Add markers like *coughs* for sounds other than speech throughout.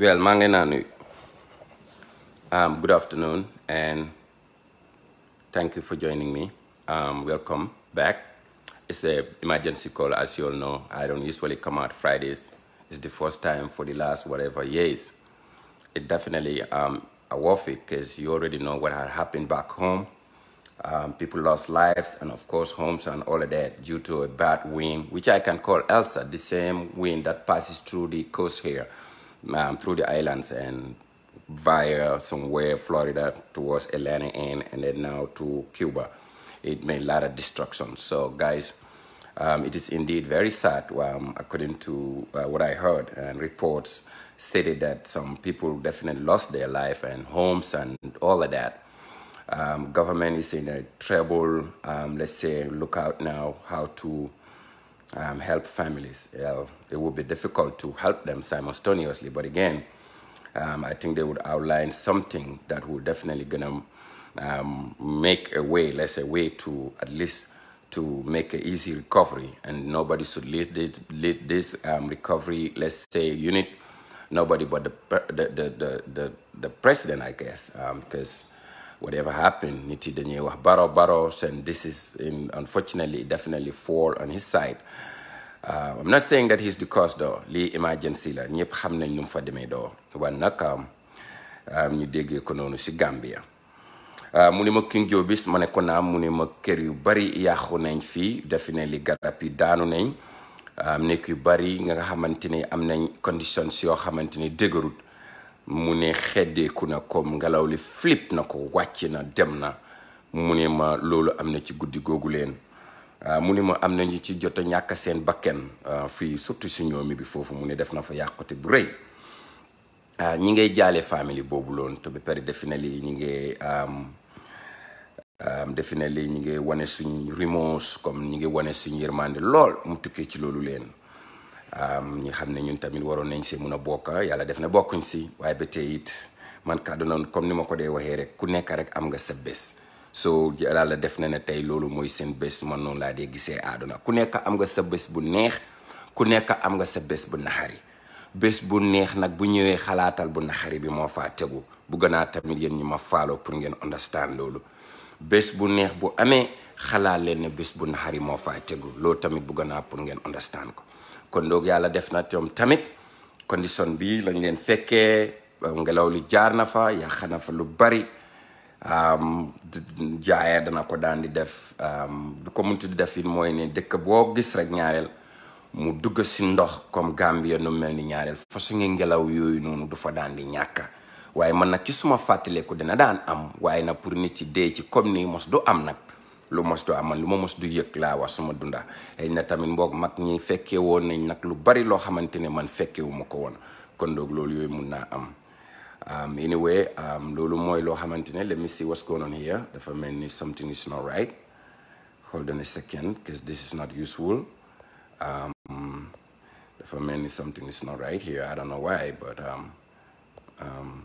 Well, Mangenanu. Um, good afternoon and thank you for joining me. Um, welcome back. It's an emergency call, as you all know. I don't usually come out Fridays. It's the first time for the last whatever years. It definitely um, worth it because you already know what had happened back home. Um, people lost lives and of course homes and all of that due to a bad wind, which I can call Elsa, the same wind that passes through the coast here um, through the islands and via somewhere Florida towards Atlanta and, and then to Cuba. It made a destruction. So um, it is very sad, um, according to uh, what I heard and reports stated that some people definitely lost their life and homes and all that. Um, government is in a trouble. let's say look out now how to um, help families. it would be difficult to help them simultaneously, but again, um, I think they would outline something that will definitely gonna um, make a way, let's say, way to at least to make an easy recovery, and nobody should lead, this, lead this um, recovery, let's say, unit. Nobody but the the the the, the, the president, I guess, because um, whatever happened nit yi dañuy wax Barrow Barrow seen this is in, unfortunately definitely fall on his side uh, I'm not saying that he's the cause though lii emergency la ñëpp xam nañ nu fa demee doo wan nag um, ñu déggee ko noonu si Gambia uh, mu ne ma King Jobis ma ne ko naam mu ne ma kër yu bari yàqu nañ fii definitely garab yi daanu nañ um, nekk yu bari nga xamante ni am nañ conditions yoo xamante ni dëgërut mu ne xeddeeku na ko ngelaw li flip na ko wàcc na dem na mu ne ma loolu am na ci guddi googu leen ah, mu ne ma am na ñu ci jot a ñàkk seen bakken ah, fii surtout si ñoomi bi foofu mu ne def na fa yàqute bu rëy ah, ñi ngay jaale famille boobu lool te ba pare defe na lii ñi ngay defe na lii ñi ngay wane suñu remorse comme ñi ngi wane suñ yërmande lool mu tukkee ci loolu leen ñi xam ne ñun tamit waroon nañ si mun a bokk yàlla def na bokkuñ si waaye ba tey it man kàddu noonu comme ni ma ko dee waxee rek ku nekk rek am nga sa bés. so yàlla def na ne tey loolu mooy seen bés man noonu laa dee gisee àdduna ku nekk am nga sa bés bu neex ku nekk am nga sa bu naxari bés bu neex nag bu ñëwee xalaatal bu naxari bi moo faa tegu bu gënaa tamit yéen ñu ma faaloo pour ngeen understand loolu bés bu neex bu amee xalaat leen ne bés bu naxari moo faa tegu tamit bu gënaa pour ngeen understand ko kon doog yàlla def na toom tamit condition bi lañ leen fekkee ngelaw li jaar na fa yàq fa lu bari jaaya dana ko daan di def du ko munti di def mooy ne dëkk boo gis rek ñaareel mu dugg si ndox comme Gambia nu mel ni ñaareel fa ngi ngelaw yooyu noonu du fa daan di ñàkk waaye man nag ci suma fàttaleku dina daan am waaye nag pour nit ci dee ci comme nii mos du am nag lu mos du am man lu ma mos du yëg laa wax suma dunda xëy na tamit mboog mag ñi fekkee woon nañ nag lu bari loo xamante ne man fekkewuma ko woon kon doog loolu yooyu mun na am um, anyway um, loolu mooy loo xamante ne let me see what's going on here dafa mel ni something is not right hold on a second because um, dafa mel ni something is not right here I don't know why but um,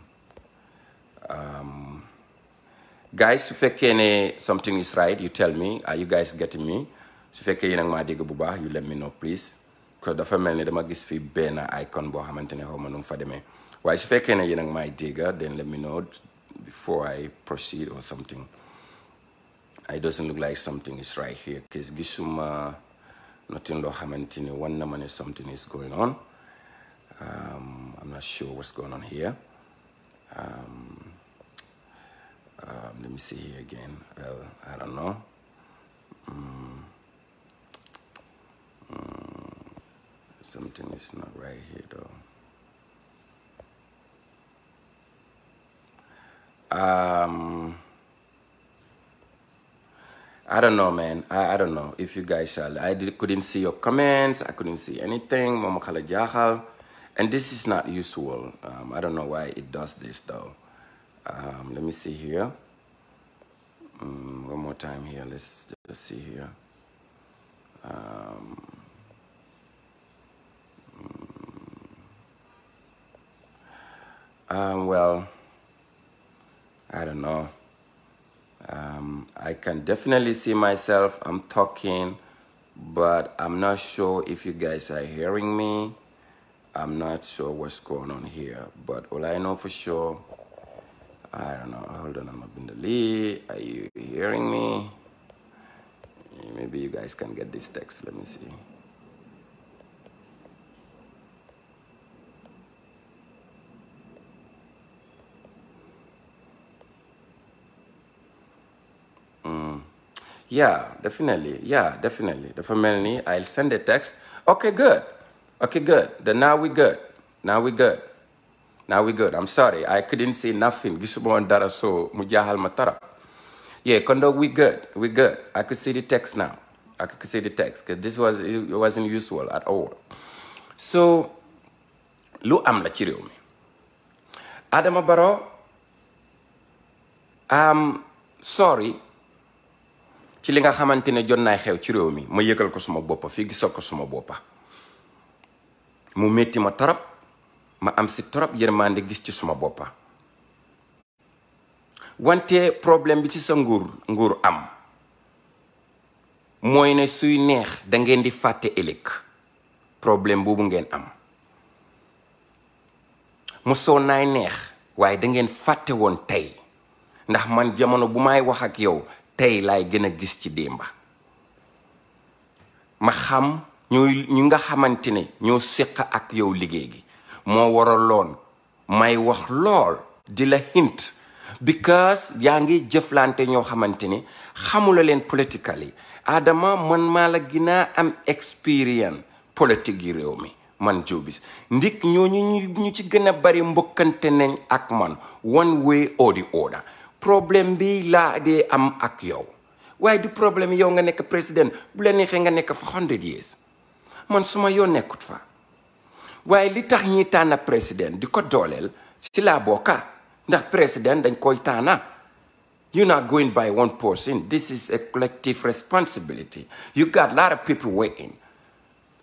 guys su fekkee ne something is right you tell me are you guys getting me su fekkee yi a maa dégg bu baax you let me know please ko dafa mel ni dama gis fi benn icon boo xamante ne xaw fa demee waaye su fekkee ne yéen a maay dégg then let me know before I proceed or something it doesn't look like something is right here cause gisuma nothing loo xamante ne wan na ma ne something is going on um, I'm not sure what's going on here um, Um, let me see here again. Well, I don't know. Um, um, something is not right here though. Um, I don't know, man. I, I don't know if you guys are. I did, couldn't see your comments. I couldn't see anything. Mama And this is not usual. Um, I don't know why it does this though. Um, let me see here. Um, one more time here. Let's just see here. Um, mm. um, well, I don't know. Um, I can definitely see myself. I'm talking, but I'm not sure if you guys are hearing me. I'm not sure what's going on here, but all I know for sure I don't know hold on ma bind lii are you hearing me maybe you guys can get this text let me see mm. yeah definitely yeah definitely dafa mel ni I'll send a text okay good okay good then now we good now we good now we good I'm sorry I couldn't see nothing gisuma woon dara so mu jaaxal ma torop yeah kon donc we good we good I could see the text now I could see the text because this was it wasn't at all so lu am la ci réew mi Adama baro am sorry ci li nga xamante ne jot naay xew ci réew mi ma yëgal ko suma boppa fii gisal ko suma boppa mu metti ma torop ma am si trop yërmande gis ci suma boppa wante problème bi ci sa nguur nguur am mooy ne suy neex dangeen di fàtte ëllëg problème boobu ngeen am mosoo naay neex waaye da ngeen fàtte woon tey ndax man jamono bu may wax ak yow tey laay gën a gis ci démba ma xam ñooy ñu nga xamante ne ñoo séq ak yow liggéey gi moo loon may wax lool di la hint because yaa ngi jëflante ñoo xamante ni xamula leen politically Adama man maa la ginaa am expérience politique yi réew mi man Jobis ndik ñooñu ñu ci gën a bari mbokkante nañ ak man one way or the problème bi laa dee am ak yow waaye du problème yow nga nekk président bu la neexee nga nekk fa hundred years man suma yoon nekkut fa waaye li tax ñi tànn président di ko dooleel si laa bokka ndax président dañ koy tànna you're not going by one person this is a collective responsibility you got lot of people waiting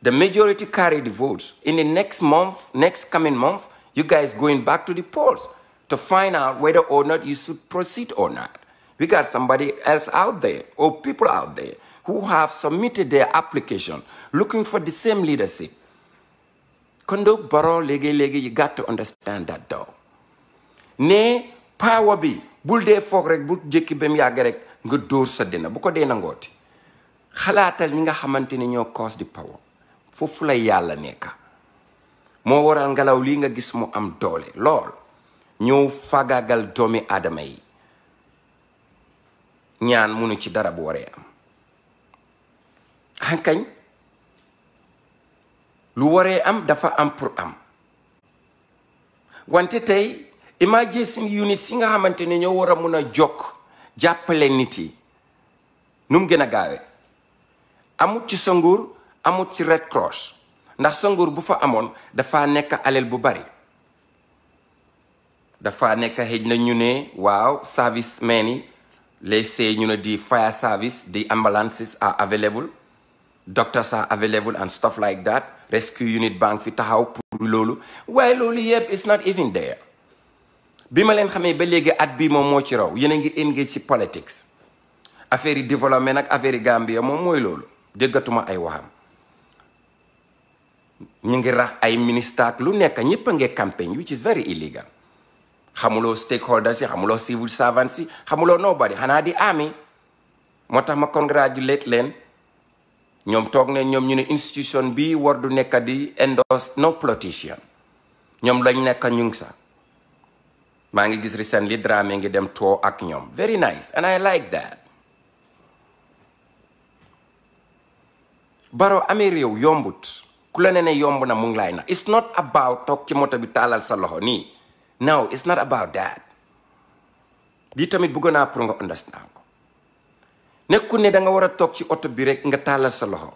the majority carry the votes in the next month next coming month you guys going back to the polls to find out whether or not you should proceed or not we got somebody else out there or people out there who have submitted their application looking for the same leadership kondo borrow léegi-léegi gàtt got to understand ne power bi bul dee foog rek bu jékki ba yàgg rek nga dóor sa dina bu ko dee nangooti xalaatal ñi nga xamante ni ñoo cause di power foofu la yàlla nekk moo waral ngelaw li nga gis mu am doole lool ñëw fagagal doomi aadama yi ñaan munu ci dara bu waree am xankañ lu waree am dafa am pour am wante tey emergency unit si nga xamante ne ñoo war a mun a jokk jàppale nit yi nu mu gën a gaawee amut ci sanguur amut ci Red Cross ndax sanguur bu fa amoon dafa nekk alal bu bari dafa nekk xëj na ñu ne waaw service men yi les say ñu ne di fire service di ambulances are available doctors are available and stuff like that rescue unit baa ngi fi taxaw pour loolu waaye loolu yëpp it's not even there bi ma leen xamee ba léegi at bi moom moo ci raw yéen a ngi engage ci politics affaire yi développement nag affaire yi moom mooy loolu déggatuma ay waxam ñu ngi rax ay ministre ak lu nekk ñëpp a campagne which is very illegal xamuloo stakeholders yi xamuloo civil servants si xamuloo nobody xanaa di ami moo tax ma congratulate leen ñoom toog ne ñoom ñu ne institution bii war du nekk di endorse no politician ñoom lañ nekk ñu ngi sax maa ngi gis recently Dramé ngi dem too ak ñoom very nice and I like that Barrow amee réew yombut ku la ne yomb na mu ngi lay na it's not about toog ci moto bi taalal sa loxo nii no it's not about that lii tamit bëgg naa pour nga understand nekku ne danga war a toog ci oto bi rek nga tàllal sa loxo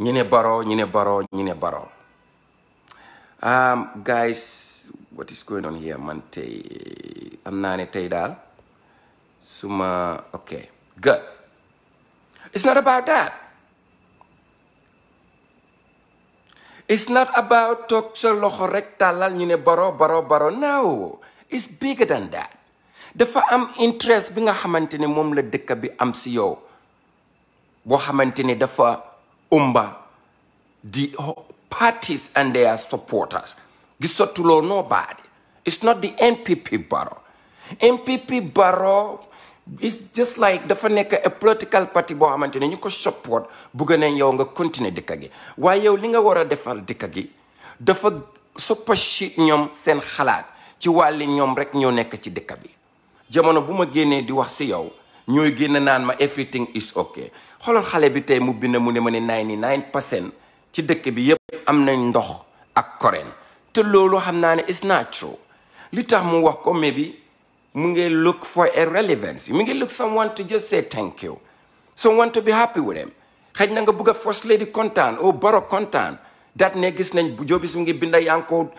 ñu ne baro ñu ne baro ñu ne baro um, guys what is going on here man tey am naa ne tey daal suma ok good it's not about that it's not about toog sa loxo rek tàllal ñu ne baro baro baro no it's bigger than that dafa am interest bi nga xamante ne moom la dëkk bi am si yow boo xamante ne dafa umba di parties and their supporters gisatuloo nobody it's not the NPP Barrow NPP Barrow it's just like dafa nekk a political party boo xamante ne ñu ko support bugg nañ yow nga continuer dëkk gi waaye yow li nga war a defal dëkk gi dafa soppa ñoom seen xalaat ci wàlli ñoom rek ñoo nekk ci dëkk bi jamono bu ma génnee di wax si yow ñooy génn naan ma everything is ok xoolal xale bi tey mu bind mu ne ma ne 99 percent ci dëkk bi yëpp am nañ ndox ak koreen te loolu xam naa ne is not true li tax mu wax ko mais bi mu ngi look for a relevance mu ngi look someone to just say thank you someone to be happy with him na nga bëgg a first lady kontaan oo oh, baro kontaan dat ne gis nañ bu jobis mu ngi binda yanko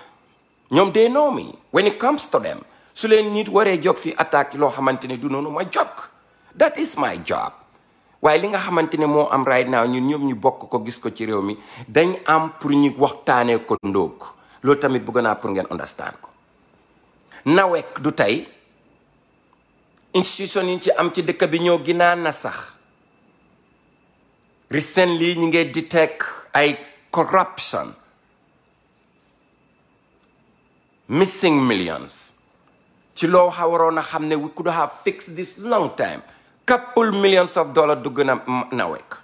ñoom dee know me when it comes to them su leen nit waree jóg fi attaque loo xamante ne du noonu ma jóg that is my job waaye li nga xamante ne moo am right now ñun ñoom ñu bokk ko gis ko ci réew mi dañ am pour ñu waxtaanee ko ndóog loo tamit bëgg naa pour ngeen understand ko nawek du tey institution yi ci am ci dëkk bi ñoo ginnaa na sax recently ñu ngi detect ay corruption missing millions ci loo xa waroon a xam ne we could have fixed this long time couple millions of dollars dugg na nawek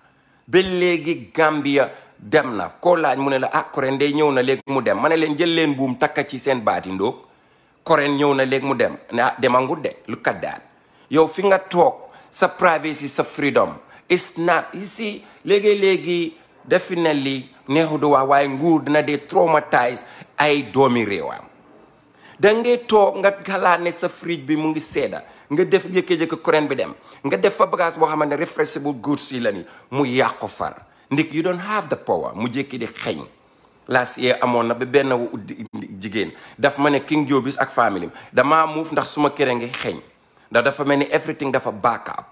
ba léegi Gambia dem na koo laaj mu ne la ah Corée day ñëw na léegi mu dem ma ne leen jël leen buum takka ci seen baati ndóog Corée ñëw na léegi mu dem ne ah demangut de yow fi nga toog sa privacy sa freedom is not you see léegi-léegi definitely neexu du waaye nguur dina dee traumatize ay doomi réewam da ngay toog nga xalaat ne sa fridge bi mu ngi sedda nga def yëkka-yëkka courant bi dem nga def fa bagage boo xamante ne refreshable goods yi la ni mu yàqu far ndik you don't have the power mu jékki di xeeñ last year amoon na ba benn jigéen dafa ma ne King Joobis ak famille dama muuf ndax suma kër a ngi xeeñ ndax dafa mel ni everything dafa back up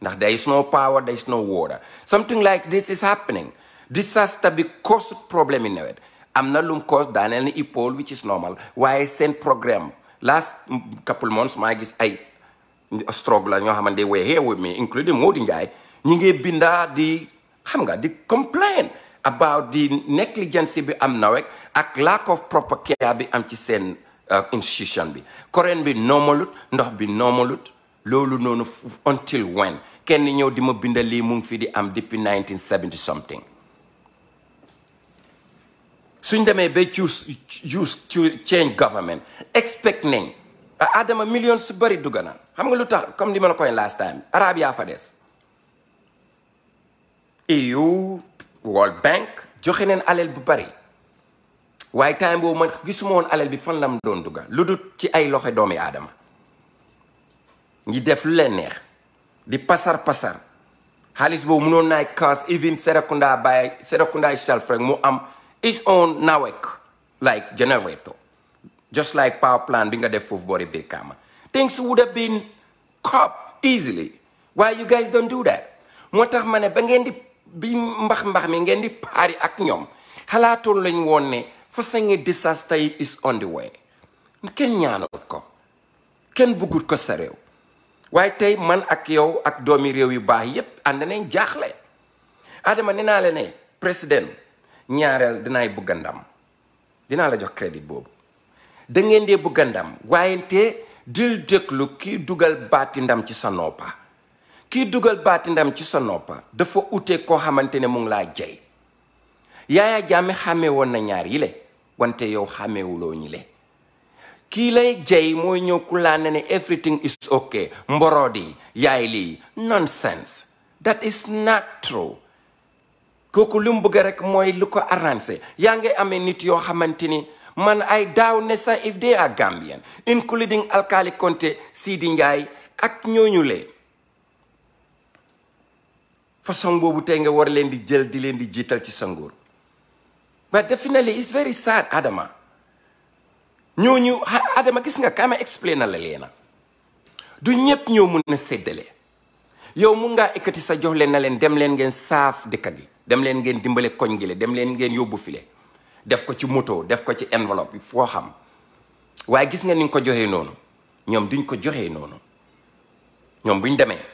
ndax there is no power there is no water something like this is happening disaster bi cause problème yi nawet am na lum cause daaneel ni ipool which is normal waaye seen programme last couple months maa gis ay struggle la ñoo xamante were here with me including Mody Njie ñi ngi bindaa di xam nga di complain about di negligence bi am nawek ak lack of proper care bi am ci seen uh, institution bi courant bi normalut ndox bi normalut loolu noonu until when kenn ñëw di ma bindal lii mu ngi fi di am depuis 1970 something suñ demee ba choose use change government expect nañ ah, adama millions su bari dugg na xam nga lu tax comme li ma la koy last time arab yaa fa des EU World Bank joxe neen alal bu bari waaye time boobu man gisuma woon alal bi fan la mu doon dugga lu dul ci ay loxo doomi aadama ngi def lu leen neex di pasar pasar xaalis boobu mënoon naay cause even Serekunda Baye Serekunda Digital Frank mu am is on NAWEC like generator just like power plant bi nga def foofu boori biir kaama things would have been cop easily why you guys don't do that moo tax ma ne ba ngeen di bi mbax mbax mi ngeen di paari ak ñoom xalaatoon lañ woon ne fa sangi disaster yi is on the way kenn ñaanut ko kenn bëggut ko sa réew waaye tey man ak yow ak doomi réew yu baax yépp ànd nañ jaaxle adama nee naa la ne ñaareel dinaay bugg ndam dinaa la jox crédit boobu da ngeen dee bugg ndam waaye te dil déglu kii dugal baati ndam ci sa noppa kii dugal baati ndam ci sa noppa dafa ute koo xamante ne mu ngi laa jey Yaya Jammeh xàmmee na ñaar yi wante yow xàmmeewuloo ñi le kii lay jey mooy ñëw ku laa ne ne everything is okay mboroodi yaay lii nonsense that is not true kooku lu mu bëgg rek mooy lu ko arrangé yaa ngi amee nit yoo xamante ni man ay daaw ne sax if they are Gambian including Alkali Konte Sidi ak ñooñu lee façon boobu te nga war leen di jël di leen di jiital ci sa nguur but definitely it's very sad Adama ñooñu Adama gis nga kaama explain na la leena du ñépp ñoo mun a séddale yow mun nga ekkati sa jox leen na leen dem leen ngeen saaf dëkk gi dem leen ngeen dimbale koñ gi gile dem leen ngeen yóbbu file def ko ci moto def ko ci enveloppe bi foo xam waaye gis nga niñ ko joxee noonu ñoom duñ ko joxee noonu ñoom buñ demee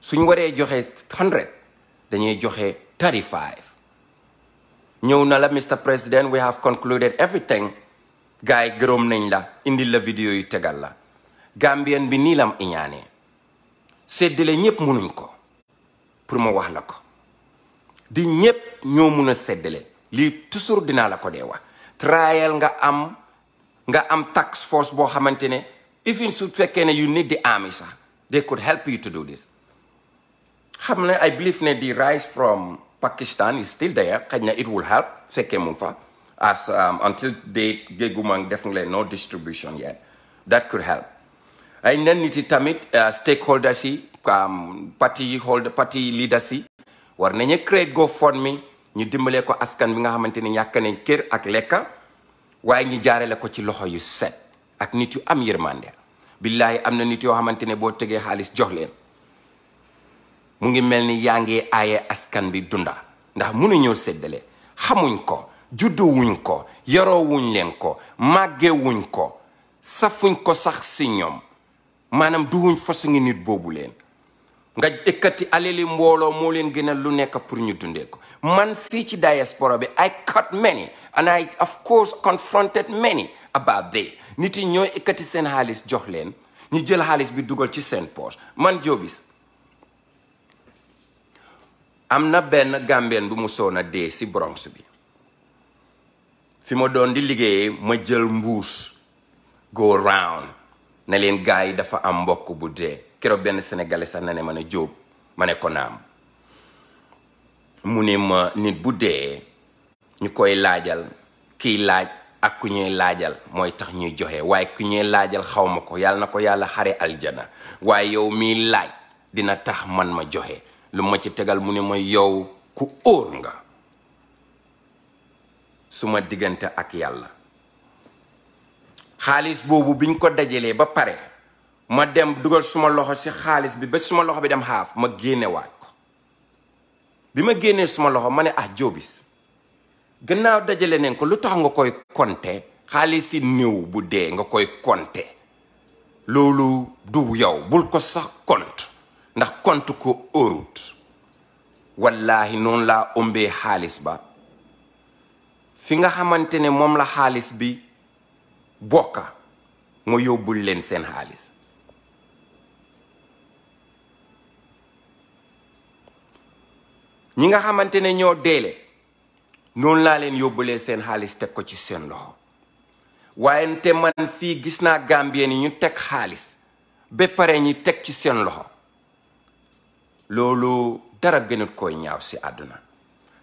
suñ waree joxe hundred dañuy joxe thirty five ñëw na la Mr President we have concluded everything gars yi gërëm nañ la indil la vidéo yi tegal la Gambien bi nii lam iñaanee séddale ñépp mënuñ ko pour ma wax la ko di ñépp ñoo mun a seddale lii toujours dinaa la ko dee wax trial nga am nga am tax force boo xamante ne even su fekkee ne you need the army sa they could help you to do this xam ne I believe ne the rise from Pakistan is still there xaj na it will help fekkee mu fa as um, until date géeguma def no distribution yet that could help ay nen tamit uh, stakeholders um, party holder war nañu créer mi ñu dimbalee ko askan bi nga xamante ni ñàkk nañ kër ak lekka waaye ñu jaarale ko ci loxo yu set ak nit yu am yërmande billaahi am na nit yoo xamante ne boo tegee xaalis jox leen mu ngi mel ni yaa nge aye askan bi dunda ndax mu mënuñoo séddale xamuñ ko judduwuñ ko yaroowuñ leen ko màggewuñ ko safuñ ko sax si ñoom maanaam duwuñ fasu ngi nit boobu leen nga ekkati alali mbooloo moo leen gën lu nekk pour ñu dundee ko man fii ci diaspora bi I cut many and I of course confronted many about that nit yi ñooy seen xaalis jox leen ñu jël xaalis bi dugal ci seen poche man Jobis am na benn gambien bu mu soon a dee si Bronx bi fi ma doon di liggéeyee ma jël mbuus go round na leen gars yi dafa am mbokk bu dee keroog benn sénégalais sax na ne ma ne jóob ma ne ko naam mu ne ma nit bu dee ñu koy laajal kiy laaj ak ku ñuy laajal mooy tax ñuy joxe waaye ku ñuy laajal xaw ma ko yàlla na ko yàlla xare aljana waaye yow mii laaj dina tax man ma joxe lu ma ci tegal mu ne ma yow ku óor nga suma diggante ak yàlla xaalis boobu biñ ko dajalee ba pare ma dem dugal suma loxo si xaalis bi ba suma loxo bi dem xaaf ma génnewaat ko bi ma génnee suma loxo ma ne ah jóobis gannaaw dajale nañ ko lu tax nga koy konte xaalis si néew bu dee nga koy konte loolu du yow bul ko sax compte ndax kont ko óorut wallaahi noonu laa ombee xaalis ba fi nga xamante ne moom la xaalis bi bokka ma yóbbul leen seen xaalis ñi nga xamante ne ñoo deele noonu laa leen yóbbalee seen xaalis teg ko ci seen loxo waaye te man fii gis naa gambien yi ñu teg xaalis ba pare ñi teg ci seen loxo loolu dara gënat koy ñaaw si àdduna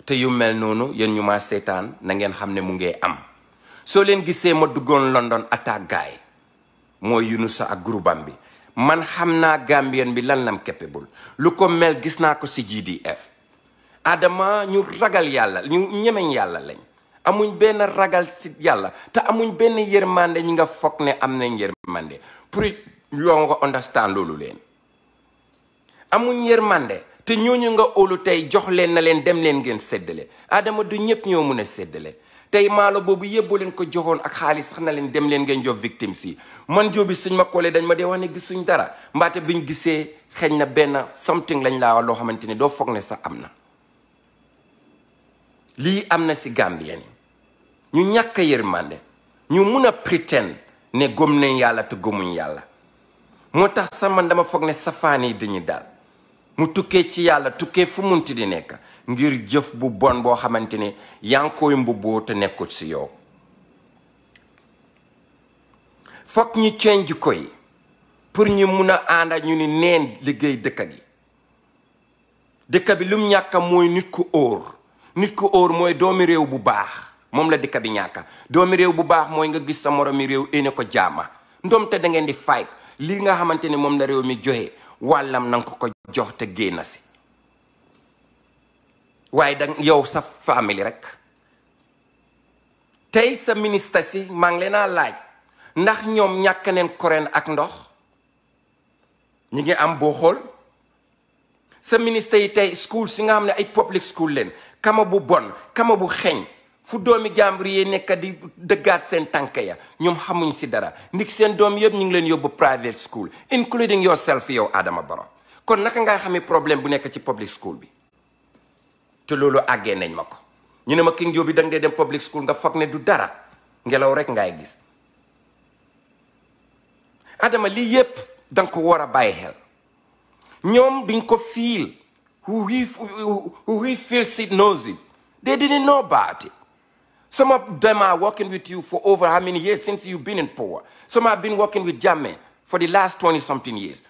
te yu mel noonu yéen ñu ma seetaan na ngeen xam ne mu ngi am soo leen gisee ma duggoon London attaque gaay mooy Yunusa ak groupam bi man xam naa gambien bi lan lam capable lu ko mel gis naa ko si GDF Adama ñu ragal yàlla ñu ñemeñ yàlla lañ amuñ benn ragal si yàlla te amuñ benn yërmande ñi nga foog ne am nañ yërmande pour loo nga understand loolu leen amuñ yërmande te ñooñu nga óolu tey jox leen na leen dem leen ngeen séddale Adama du ñëpp ñoo mun a séddale tey maalo boobu yëpp leen ko joxoon ak xaalis sax na leen dem leen ngeen jox victime si man joobi suñ ma koolee dañ ma dee wax ne gisuñ dara mbaate biñ gisee xëñ na benn something lañ laa wax loo xamante ne doo foog ne sax am na lii am na si Gambien ñu ñàkk a yërmande ñu mun a pretend ne gëm nañ yàlla te gëmuñ yàlla moo tax sama dama foog ne safaan yi dañuy daal mu tukkee ci yàlla tukkee fu munti di nekk ngir jëf bu bon boo xamante ne yaa ngi koy mbubboo te nekkut si yow foog ñu change ko yi pour ñu mun a ànda ñu ni neen liggéey dëkk gi dëkk bi lum ñàkk mooy nit ku óor nit ku óor mooy doomi réew bu baax moom la dikka bi ñàkka doomi réew bu baax mooy nga gis sa moroomi réew éne ko jaama ndoom te da ngeen di fight lii nga xamante ne moom la réew mi joxe wàllam nanga ko ko jox te génn si waaye da yow sa famille rek tey sa ministre si maa ngi leen a laaj ndax ñoom ñàkk neen koreen ak ndox ñi ngi am boo xool sa ministre yi tey school si nga xam ne ay public school leen kama bu bon kama bu xeeñ fu doomi jàmbur yi nekk di dëggaat seen tànk ya ñoom xamuñ si dara ndik seen doom yëpp ñu ngi leen yóbbu private school including yourself yow Adama Barrow kon naka ngaa xamee problème bu nekk ci public school bi te loolu àggee nañ ma ko ñu ne ma King Jobe bi da dee dem public school nga foog ne du dara ngelaw rek ngay gis Adama lii yépp danga ko war a bàyyi xel ñoom duñ ko fiil who he, who he feels it knows it. They didn't know about it. Some of them are working with you for over how many years since you've been in power. Some have been working with Jammeh for the last 20 something years.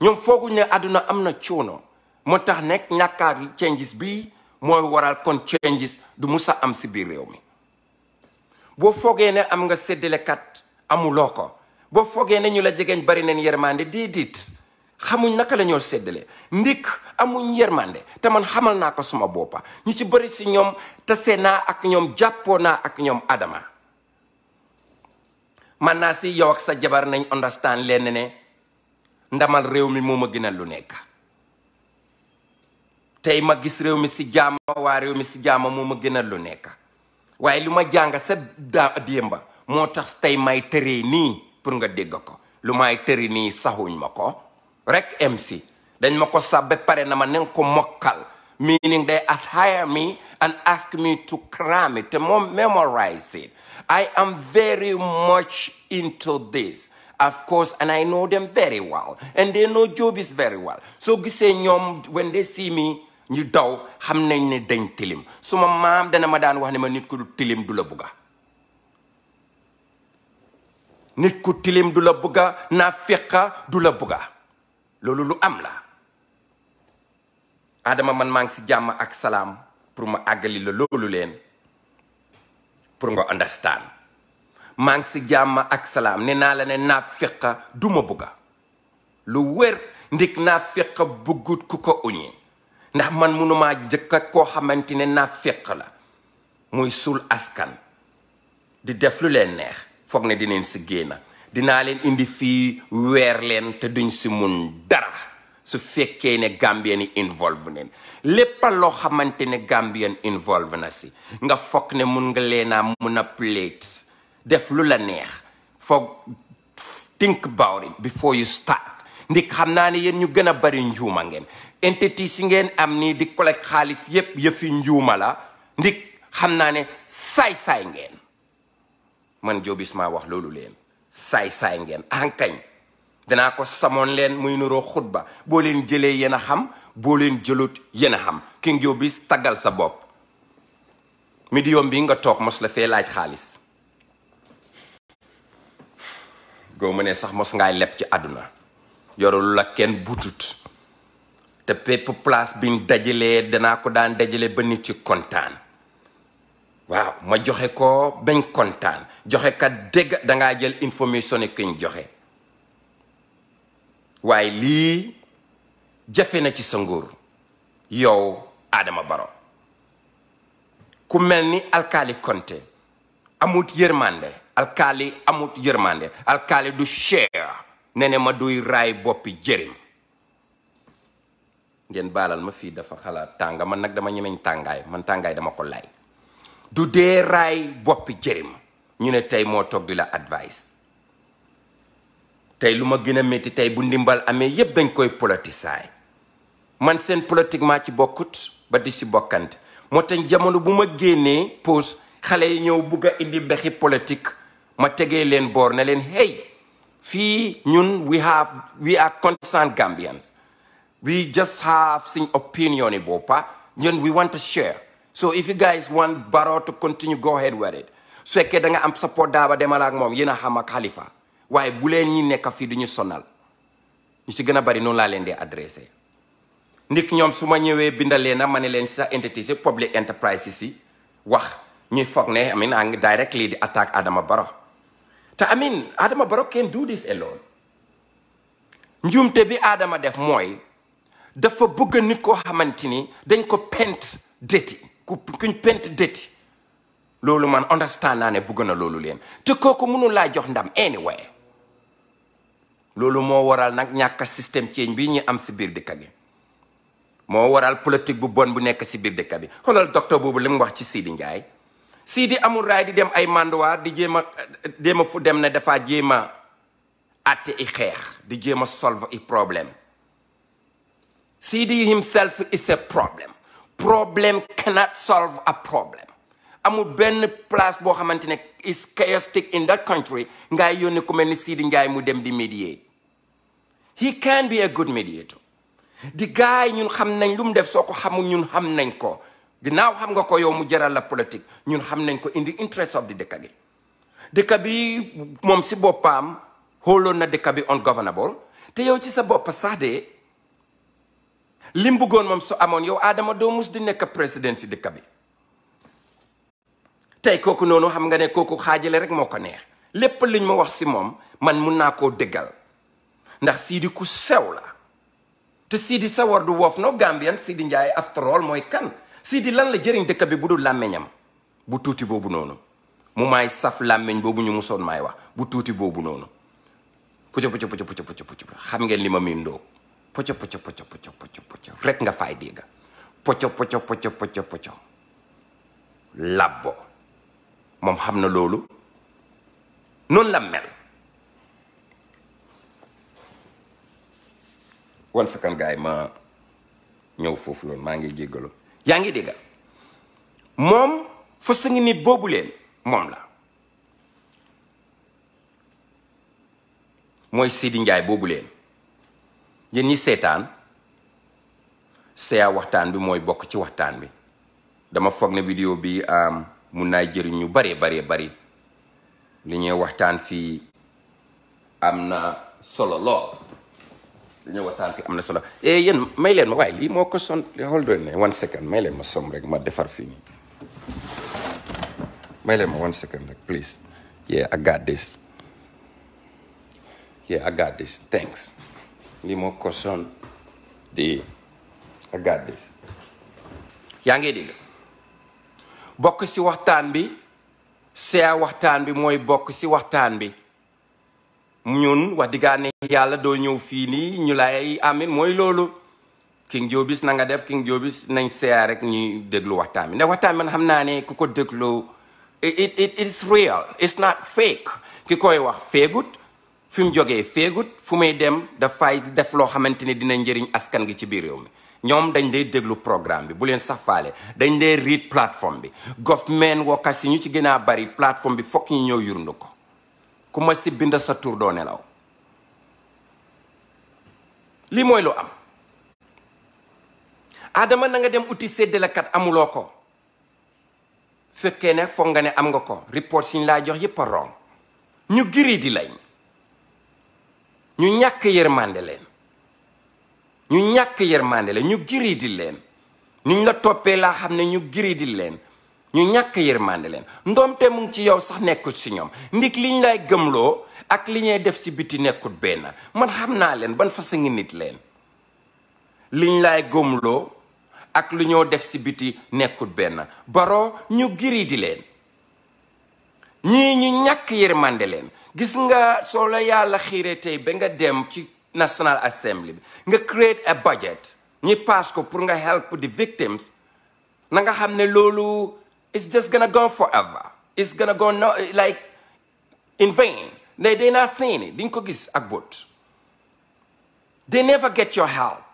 ñoom fooguñ ne àdduna am na coono moo tax nekk ñàkkaar changes bii mooy waral kon changes du musa am si biir réew mi boo foogee ne am nga séddalekat amuloo ko boo foogee ne ñu la jegeeñ bari neen yërmande déedéet xamuñ naka la ñoo séddale ndik amuñ yermande te man xamal naa ko suma boppa ñu ci bari si ñoom tase naa ak ñoom jàppoo naa ak ñoom adama man naa si yow ak sa jabar nañ understand lenn ne ndamal réew mi moo ma gënal lu nekk tey ma gis réew mi si jaama mi si jaama moo ma gënal lu nekk waaye lu ma jàng sa daa moo tax tey may tëree nii pour nga dégg ko lu may tëri nii saxuñ ma ko rek MC dañ ma ko sabbe pare na ma ne ko mokkal meaning they hire me and ask me to cram it, to memorize it. I am very much into this, of course, and I know them very well. And they know Jobis very well. So when they see me, ñu daw xam nañ ni dañ tilim suma maam dana ma daan wax ne ma nit ku tilim du la bugga nit ku tilim du la bugga naa feqa du la bugga loolu lu am la Adama man maa ngi si jàmm ak salaam pour ma àggali la loolu leen pour nga understand maa ngi si jàmm ak salaam ne naa la ne naa duma du bugga lu wér ndik naa feqa buggut ku ko uñi ndax man munumaa jëkka koo xamante ne naa feq la muy suul askan di def lu leen neex foog ne dineen si génna dinaa leen indi fii weer leen te duñ si mun dara su fekkee ne Gambien yi involve neen lépp loo xamante ne Gambien involve na si nga foog ne mun nga leen a mun a plate def lu la neex foog think about it before you start ndik xam naa ne yéen ñu gën a bari njuuma ngeen entity si ngeen am nii di collecte xaalis yépp yëfi njuuma la ndik xam naa ne saay-saay ngeen man Jobe Ismail wax loolu leen saay-saay ngeen ankañ ah, danaa ko samoon leen muy nuroo xutba boo leen jëlee yéen a xam boo leen jëlut yéen a xam King Joe bis taggal sa bopp médium bi nga toog mos la fee laaj xaalis goo mu ne sax mos ngaay leb ci àdduna yorul la kenn butut te pépp place biñ dajalee danaa ko daan dajale ba nit ci kontaan waaw ma joxe ko bañ kontaan joxe kat dégg da ngaa jël information ne kiñ joxe waaye lii jafe na ci sa nguur yow aadama Baro ku mel ni alkaali Konte amut yërmande alkaali amut yërmande du cher ne ma duy raay boppi jërim ngeen baalal ma fii dafa xalaat tànga man nag dama ñemeñ tàngaay man tàngaay dama ko lay du dee raay boppi jërim ñu ne tey moo toog di la advice tey lu ma gën a métti bu ndimbal amee yépp dañ koy politisaay man seen politiquement ci bokkut ba di si bokkante moo tax jamono bu ma génnee pos xale yi ñëw bugg a indi mbexi politique ma tegee leen boor na leen hey fii ñun we have we are concerned Gambians we just have suñ opinion boppa ñun we want to share so if you guys want Barrow to continue go ahead with it su fekkee da am support daaba demal ak moom yéen a xam ak Halifa waaye bu leen ñi nekk fii du sonal ñu si gën a bari noonu laa leen di adressé. ndik ñoom su ma ñëwee bindalee na ma ne leen si sax entité public enterprise si wax ñuy foog ne I mean I'm directly di attaque Adama Barrow te I mean Adama Barrow can do this alone njuumte bi Adama def mooy dafa bëgg nit ko xamante ni dañ ko pent déti kuñ pent dëtti loolu man understand naa ne bëgg na loolu leen te kooku mënul laa jox ndam anyway loolu moo waral nag ñàkk système change bi ñu am si biir dëkk bi moo waral politique bu bon bu nekk si biir dëkk bi xoolal docteur boobu li mu wax ci Sidi Ndiaye Sidi amul raay di dem ay manduwaar di jéem a a fu dem na dafa jéem a atte i xeex di jéem a solve i problème Sidi himself is a problem problem cannot solve a problem amul benn place boo xamante ne is chaotic in that country ngay yónni ku mel ni Sidi Ndiaye mu dem di mediate he can be a good mediator di gaay ñun xam nañ lu mu def soo ko xamul ñun xam nañ ko ginnaaw xam nga ko yow mu jaral la politique ñun xam nañ ko in the interest of di dëkk bi dëkk bi moom si boppam xooloon na dëkk bi ungovernable te yow ci sa bopp sax de lim bëggoon moom su amoon yow Adama doo mus di nekk président si dëkk bi tey kooku noonu xam nga ne kooku xaajale rek moo ko neex lépp liñ ma wax si moom man mun naa koo dëggal ndax siidi ku sew la te Sidi sawar du woof noo Gambian Sidi njaay after all mooy kan Sidi lan la jëriñ dëkk bi bu dul làmmiñam bu tuuti boobu noonu mu maay saf làmmiñ boobu ñu musoon maay wax bu tuuti boobu noonu pucc pucc pucc pucc pucc xam ngeen li ma miin poco poco poco poco poco poco rek nga fay dégg poco poco poco poco poco labbo moom xam na loolu noonu la mel one second gars ma ñëw foofu loolu maa ngi jéggalu yaa ngi dégg moom fasu ngi nit boobu leen moom la mooy Sidi Ndiaye boobu leen yéen ñi seetaan seya waxtaan bi mooy bokk ci waxtaan bi dama foog ne vidéo bi mun naa jëriñ ñu baree baree bari li ñuy waxtaan fii am na solo lool li ñuy waxtaan fii am na solo eh yéen may leen ma waaye moo ko son hold on ne one rek ma defar fii nii may leen ma one second rek please yeah I got this yeah I thanks limon koson di gàddis yaa ngi dégg bokk ci waxtaan bi sea waxtaan bi mooy bokk ci waxtaan bi ñun wax diggaane yàlla doo ñëw fii nii ñu lay amin mooy loolu King Joobis na nga def King Joobis nañ sea rek ñuy déglu waxtaan bi ndax waxtaan bi man xam naa ne ku ko déglu it it it's real it's not fake ki koy wax feegut fi mu jógee féegut fu may dem dafay def loo xamante ni dina njëriñ askan gi ci biir réew mi ñoom dañ dee déglu programme bi bu leen sax dañ dee read plateforme bi government workers yi ñu ci gën a bari plateforme bi fokk ñu ñëw yurndu ko ku ma bind sa tur doo nelaw am adama na nga dem uti séddalekat amuloo ko fekkee ne foog nga ne am nga ko report yi laa jox yëpp rong ñu giri di ñu ñàkk yërmande leen ñu ñàkk yërmande leen ñu giri leen ñu la toppee laa xam ne ñu giri leen ñu ñàkk yërmande leen ndoomte mu ci yow sax nekkut si ñoom ndik liñ lay gëmloo ak li ñuy def si biti nekkut benn man xam naa leen ban fa sa nit leen liñ lay gëmloo ak lu ñoo def si biti nekkut benn baroo ñu giri leen ñii ñu ñàkk yërmande leen gis nga soo la yàlla xiiree tey ba nga dem ci National Assembly bi nga create a budget ñi paas ko pour nga help the victims na nga xam ne loolu it's just gonna go forever it's gonna go no like in vain ne day naa seeni di nga ko gis ak bët they never get your help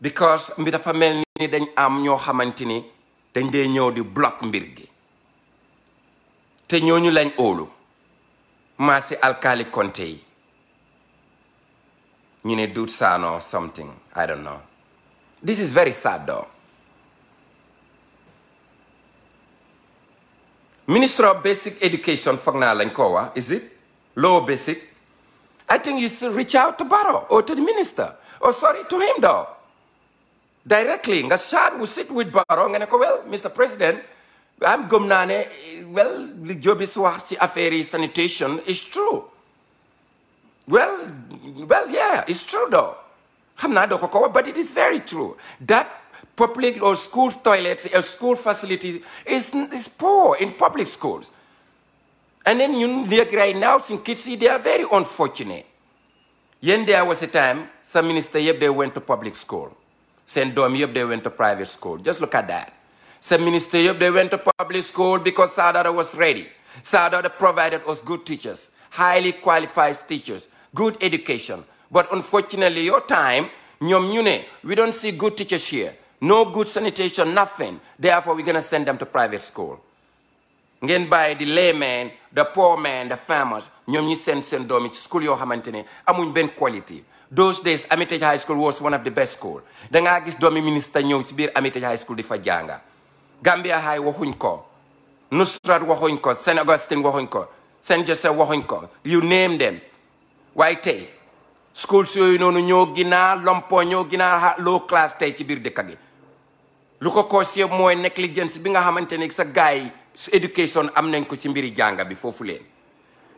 because mbi dafa mel ni dañ am ñoo xamante ni dañ dee ñëw di block mbir gi te ñooñu lañ óolu maa si alkaali konte yi ñu ne duut saanoo something I don't know this is very sad though Minister of Basic Education foog naa lañ ko wax is it low basic I think you should to Barrow or to the minister or oh, sorry to him though directly nga chat wu sit with Barrow nga ne ko well Mr. President am gëm naa ne well li Jobis yi sanitation is true well yeah it's true though xam naa doo ko ko wax but it is very true that public school toilets or uh, school facilities is poor in public schools and then ñun léegi right now suñ kids yi they are very unfortunate yéen there was a time sa minister yëpp they went to public school seen doom yëpp they went to private school just look at that sa minister yëpp they went to public school because Saadara was ready Saadara provided us good teachers highly qualified teachers good education but unfortunately your time ñoom ñu ne we don't see good teachers here no good sanitation nothing therefore we're gonna send them to private school ngeen bàyyi di layman the poor man the farmers ñoom ñi seen seen doomi ci school yoo xamante ne amuñ benn quality those days Hermitage High School was one of the best school dangaa gis doomi minister ñëw ci biir Hermitage High di fa jànga Gambia High waxuñ ko Nusrat waxuñ ko Saint Augustine waxuñ ko Saint Joseph waxuñ ko you name them waaye tey schools yooyu noonu ñoo ginaa lompo ñoo ginaa low class tey ci biir dëkk gi lu ko koos yëpp mooy négligence bi nga xamante ne sa gars yi su éducation am nañ ko ci mbiri jàng bi foofu leen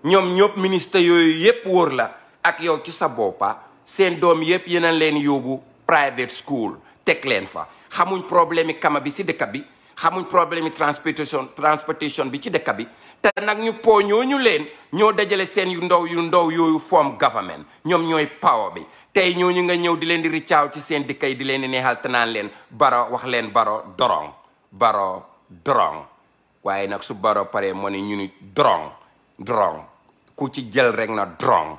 ñoom ñëpp ministre yooyu yëpp wóor la ak yow ci sa boppa seen doom yëpp yeneen leen yóbbu private school teg leen fa xamuñ problème yi kama bi si dëkk bi xamuñ problème yi transportation bi ci dëkk bi te nag ñu po ñooñu leen ñoo dajale seen yu ndaw yu ndaw yooyu form government ñoom ñooy power bi tey ñooñu nga ñëw di leen di ricaaw ci seen dëkk yi di leen di neexal te naan leen baro wax leen baro dorong baro dorong waaye nag su baro paree moo ne ñu ni dorong dorong ku ci jël rek na dorong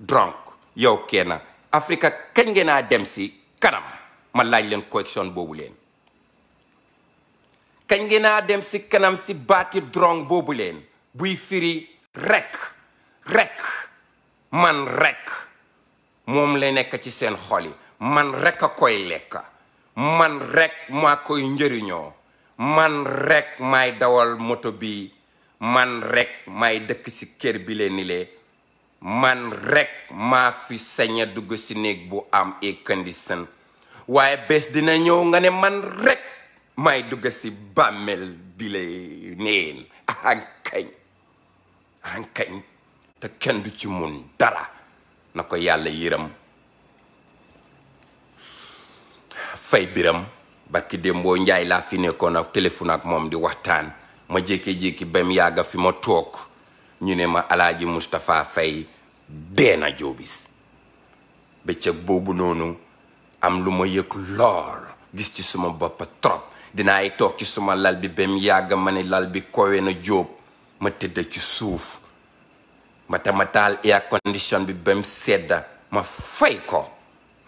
dorong yow kenn Afrika kañ ngeen naa dem si kanam ma laaj leen correction boobu leen kañ ngi naa dem si kanam si baati drong boobu leen buy firi rekk rekk man rekk moom la nekk ci seen xol yi man rekk a koy lekk man rekk maa koy njëriñoo man rekk may dawal moto bi man rekk may dëkk ci kër bi leen ni le man rekk maa fi sañ a dugg ci néeg bu am air condition waaye bés dina ñëw nga ne man rek may dugg si bàmmeel bi lay neen ankañ ankañ te kenn du ci mun dara na ko yàlla yëram fay biram barki démboo njaay laa fi nekkoon ak téléphone ak moom di waxtaan ma jékki-jékki ba mu yàgg fi ma toog ñu ne ma alaaji Moustapha Faye dee na joobis bëccëg boobu noonu am lu ma yëg lool gis ci suma bopp trop ay toog ci suma lal bi ba mu ma ni lal bi kowe na jóob ma tëdd ci suuf ma ta ma taal air condition bi ba mu sedda ma fay ko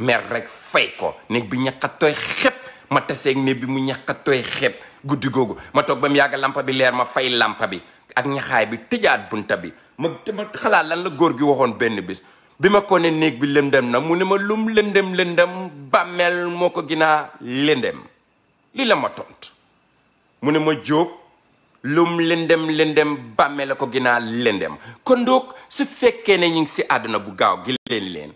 mer rek fay ko néeg bi ñaqatooy xëpp ma taseeg néeg bi mu ñaqatooy xëpp guddi googu ma toog ba mu yàgg lampa bi leer ma fay lampa bi ak ñaxaay bi tëjaat bunta bi ma ma góor gi waxoon benn bis bi ma ko ne néeg bi lëndëm na mu ne ma lum lëndëm lëndëm bàmmeel moo ko ginaa a lii la ma tont mu ne ma jóob lum lëndem lëndem bàmmee la ko ginnaa lëndem kon donc su fekkee na ñu ngi si àdduna bu gaaw gi leen leen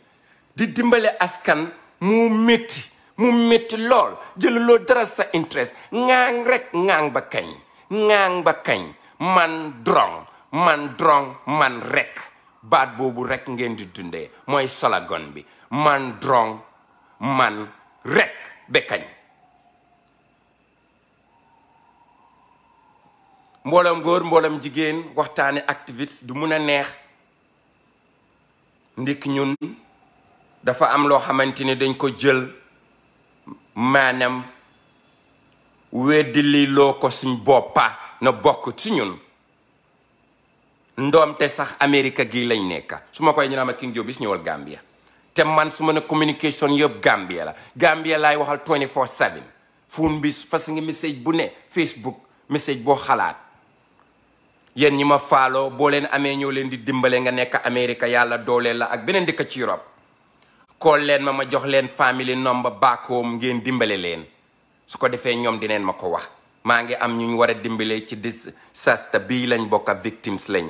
di dimbale askan mu métti mu metti lool jëluloo dara sa interest ŋaang rek ŋaang ba kañ ŋaang ba kañ man drong man drong man rek baat boobu rek ngeen di dundee mooy solagon bi man drong man rek ba kañ mboolam góor mboolam jigéen waxtaane activiste du mun a neex ndik ñun dafa am loo xamante ni dañ ko jël maanaam weddi li loo ko suñ boppa na bokk ci ñun ndoom te sax Amérique gii lañ nekka su ma koy ñu naa ma King Joe bis ñëwal Gambia te man su ma ne communication yëpp Gambia la Gambia laay waxal 24/7 phone bi fas ngi message bu ne Facebook message boo xalaat yéen ñi ma faaloo boo leen amee ñoo leen di dimbale nga nekk Amérique yàlla doole la ak beneen dëkk ci Europe kool leen ma ma jox leen family number back home ngeen dimbale leen su ko defee ñoom dineen ma ko wax maa ngi am ñu ñu war a dimbale ci disaster bii lañ bokka victims lañ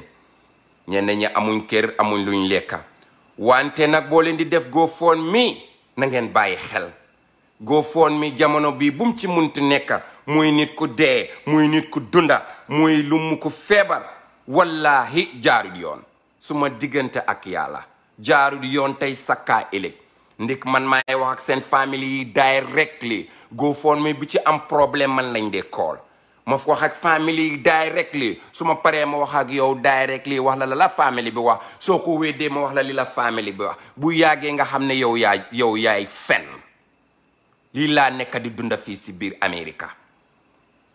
ñenn ñi amuñ kër amuñ luñ lekka wante nag boo leen di def goo foon mi nangeen bàyyi xel mi jamono bii bum ci munti nekk muy nit ku dee muy nit ku dunda muy lu mu ko feebar wallaahi jaarul yoon suma diggante ak yàlla jaarul yoon tey sakkaa ëllëg ndik man maay wax ak seen famille yi directly GoFundMe bu ci am problème man lañ dee call ma wax ak famille yi directly su ma paree ma wax ak yow directly wax la la la famille wax soo ko weddee ma wax la li la famille bi wax bu yàggee nga xam ne yow yaay yow yaay fen lii nekk di dunda fii si biir Amérique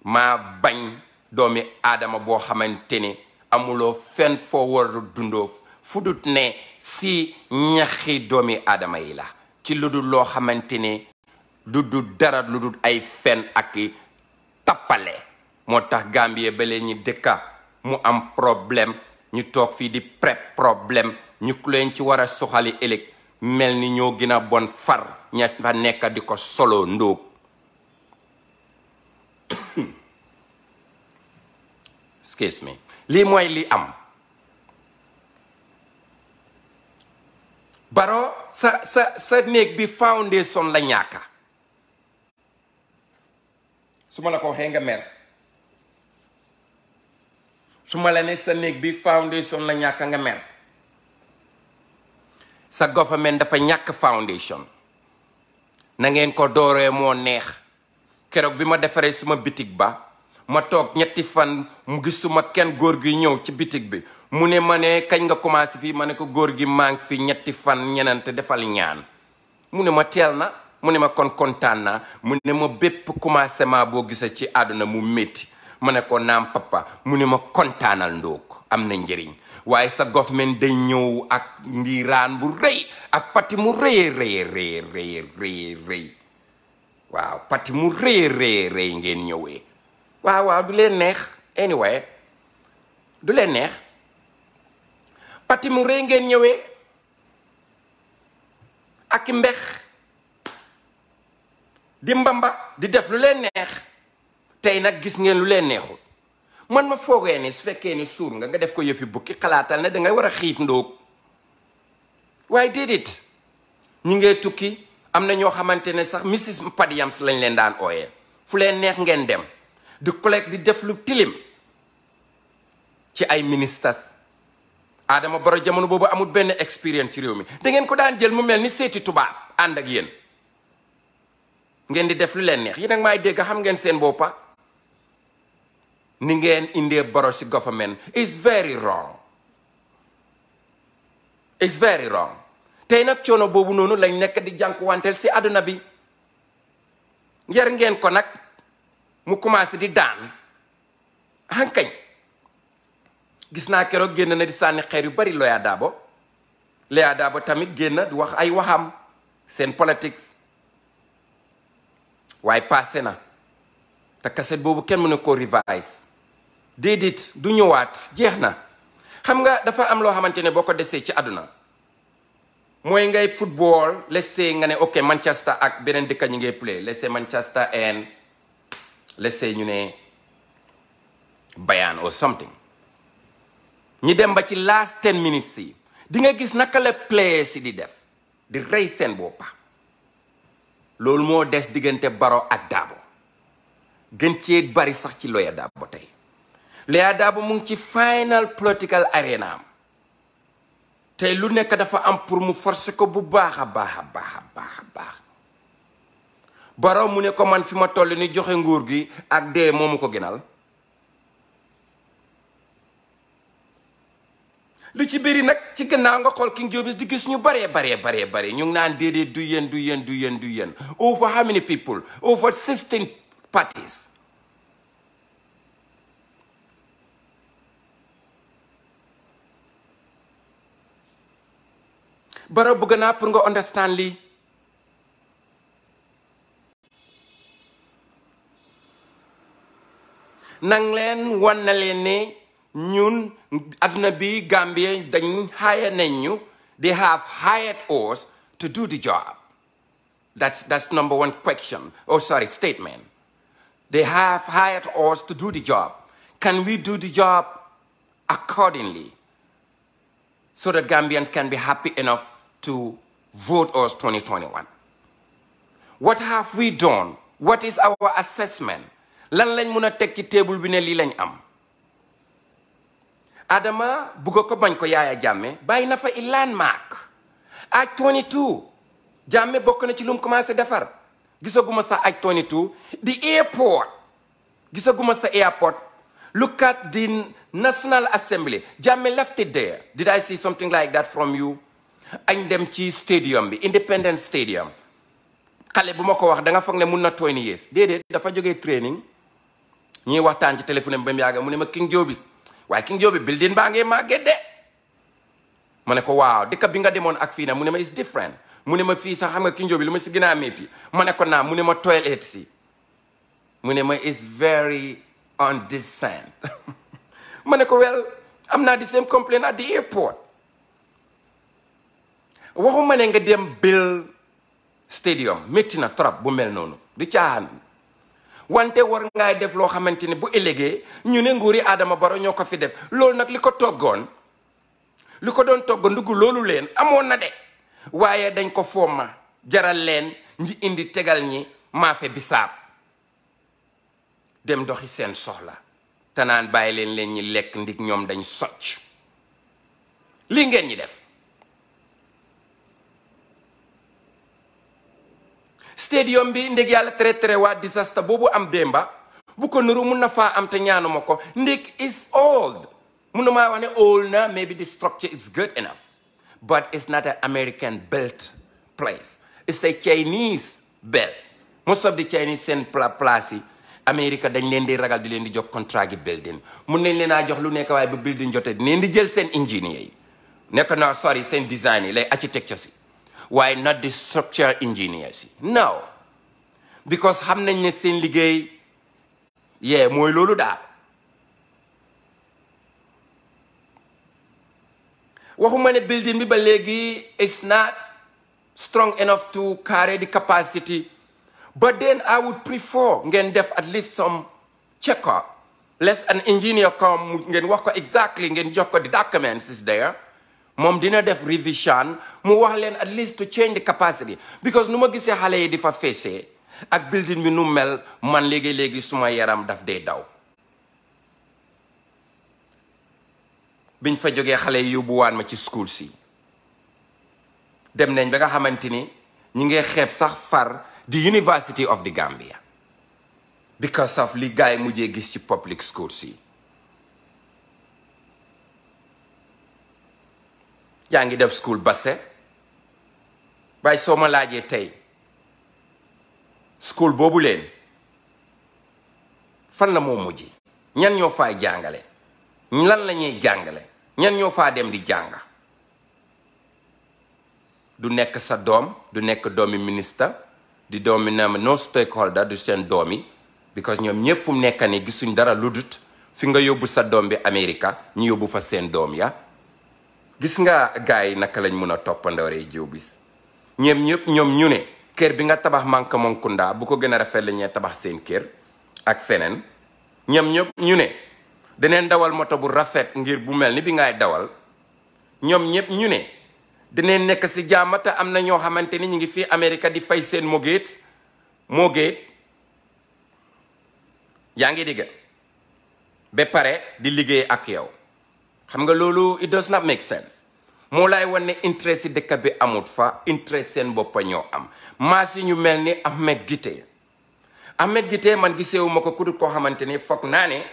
bañ doomi aadama boo xamante ni amuloo fenn foo war a dundoo fu ne si ñaxi doomi aadama yi la ci lu loo xamante ni du dara lu ay fen ak tappale moo tax Gambie ba leen ñi dëkka mu am problème ñu toog fii di prep problème ñu leen ci war a soxali ëllëg mel ni ñoo gën bon far ña fa nekk di ko solo ndóob *coughs* excuse me lii mooy li am baro sa sa sa néeg bi foundation la ñàkk su ma la ko waxee nga mer su ma la ne sa néeg bi foundation la ñàkk nga mer sa government dafa ñàkk foundation na ngeen ko dooree moo neex keroog bi ma defaree suma bitig ba ma toog ñetti fan mu gisuma kenn góor gi ñëw ci bitig bi mu ne ma ne kañ nga commencé fii ma ne ko góor gi maa ngi fi ñetti fan ñeneen defal ñaan mu ne ma teel na mu ne ma kon kontaan naa mu ne ma bépp commencement boo gisee ci àdduna mu métti ma ne naam papa mu ne ma kontaanal ndoog am na njëriñ waaye sa government day ñëw ak ndiiraan bu rëy ak pati mu rëyee rëyee rëyee waaw pati mu rëyee rëyee rëy ngeen ñëwee waaw waaw du leen neex anyway du leen neex pati mu rëy ngeen ñëwee ak mbex di mbamba di def lu leen neex tey nag gis ngeen lu leen neexul man ma foogee ne su fekkee ni suur nga nga def ko yëfi bukki xalaatal ne dangay war a xiif ndóog waaye déedéet ñi ngay tukki am na ñoo xamante ne sax Mrs Padiams lañ leen daan ooyee fu leen neex ngeen dem di collecte di def lu tilim ci ay ministres Adama Barrow jamono boobu amul benn expérience ci réew mi da ngeen ko daan jël mu mel ni seeti tubaab ànd ak yéen ngeen di def lu leen neex yi nag may dégg xam ngeen seen boppa ni ngeen indee boro ci government is very wrong tey nag coono boobu noonu lañ nekk di jànkuwanteel ci àdduna bi yar ngeen ko nag mu commencé di daan hankañ gis naa keroog génn na di sànni xeer yu bari Loya Dabo Loya tamit génn di wax ay waxam seen politique waaye passé na te kaset boobu kenn mën na ko revise déedéet du ñëwaat jeex na xam nga dafa am loo xamante ne boo ko desee ci àdduna mooy ngay football laissé nga ne ok Manchester ak beneen dëkk ñu ngay play laissé Manchester and let's say ñu ne bayaan or something ñi dem ba ci last ten minutes yi dinga gis naka la play si di def di rey seen boppa loolu moo des diggante Barrow ak Dabo gën cee bari sax ci Lawyer Dabo tey Lawyer Dabo mu ngi ci final political arena am tey lu nekk dafa am pour mu forcer ko bu baax a baax a baax a baax baax baro mu ne ko man fi ma toll ni joxe nguur gi ak dee moomu ko gënal lu ci bëri nag ci naa nga xool King Jobies di gis ñu baree baree baree bare ñu ngi naan déedee du yéen du yéen du yéen du yéen over how many people over sixteen parties baro bëgg naa pour nga understand lii nang leen wan na leen ñun adduna bi Gambia dañ hire nañ ñu they have hired us to do the job that's that's number one question oh, statement they have hired us to do the job can we do the job accordingly so that Gambians can be happy enough to vote us what have we done what is our assessment lan lañ mun a teg ci table bi ne lii lañ am Adama bugg ko bañ ko Yaaya Jammeh bàyyi na fa ilaan maak aj 22 Jammeh bokk na ci lum mu commencé defar gisaguma sa aj 22 di airport gisaguma sa airport look at the National Assembly Jammeh left it there did I see something like that from you añ dem ci stadium bi Independence Stadium xale bu ma ko wax danga nga ne mun na twenty years déedéet dafa jóge training ñuy waxtaan ci téléphone am ba mu yàgg mu ne ma King Joobis waaye King Joobis building baa ngee màggee de ma ne ko waaw dëkk bi nga demoon ak fii mu ne ma is different mu ne ma fii sax am nga King Joobis lu ma si gën a ma ne ko naa mu ne ma toilette si mu ne ma is very undecent *laughs* ma ne ko well am naa the same complaint at the airport ma ne nga dem Bill stadium métti na trop bu mel noonu du caaxaan wante war ngaay def loo xamante ni bu ëllëgee ñu ne nguuri Adama Baro ñoo ko fi def loolu nag li ko toggoon li ko doon togg ndugg loolu leen amoon na de waaye dañ ko fooma jaral leen ñi indi tegal ñi maafe bisaab dem doxi seen soxla te naan bàyyi leen leen ñi lekk ndig ñoom dañ socc lii ngeen ñi def stadium bi ndég yàlla traité waa disaster boobu am démba bu ko nuru mun na faa am te ñaanuma ko ndég is old munu maa wax ne old na maybe the structure is good enough but it's not an American built place a Chinese built most of the Chinese seen place yi America dañ leen di ragal di leen di jox contrat gi building mun nañ leen a jox lu nekk waay bu building jote di leen di jël seen ingénieur yi nekk na sori seen design yi lay architecture si waaye not the structural engineers yi no because xam nañ ne seen liggéey yee mooy loolu daal waxuma ne building bi ba léegi is not strong enough to carry the capacity but then I would prefer ngeen def at least some check up less an engineer come ngeen wax ko exactly ngeen jox ko the documents is there moom dina def revision mu wax leen at least to change the capacity because nu ma gisee xale yi di fa feesee ak building bi nu mel man léegi-léegi suma yaram daf dee daw biñ fa jógee xale yi yóbbuwaan ma ci school si dem nañ ba nga xamante ni ñi ngi xeeb sax far di University of the Gambia because of li gaay mujjee gis ci public schools yi yaa ngi def school basse waaye soo ma laajee tey school boobu leen fan la moo mujj ñan ñoo faa jàngale lan la ñuy jàngale ñan ñoo faa dem di jàng du nekk sa doom du nekk doomi ministre di doomi na non stakeholder du seen doom yi because ñoom ñëpp fu mu nekk nii gisuñ dara ludut fi nga yóbbu sa doom bi Amerika ñu yóbbu fa seen doom ya gis nga gars yi naka lañ mun a toppandooree jiw bis ñoom ñëpp ñoom ñu ne kër bi nga tabax manque monkunda bu ko gën a rafet la tabax seen kër ak feneen ñoom ñëpp ñu ne daneen dawal moto bu rafet ngir bu mel ni bi ngay dawal ñoom ñëpp ñu ne daneen nekk si jaamata am na ñoo xamante ni ñu ngi fii Amérique di fay seen mogéet mogéet yaa ngi digga ba pare di liggéey ak yow xam nga loolu it does not make sense moo lay wane ne intérêt si dëkk bi amut fa intérêt seen boppa ñoo am maa ñu mel ni Ahmed Gite Ahmed Gite man giseewu ma ko ku dul koo xamante ni foog naa ne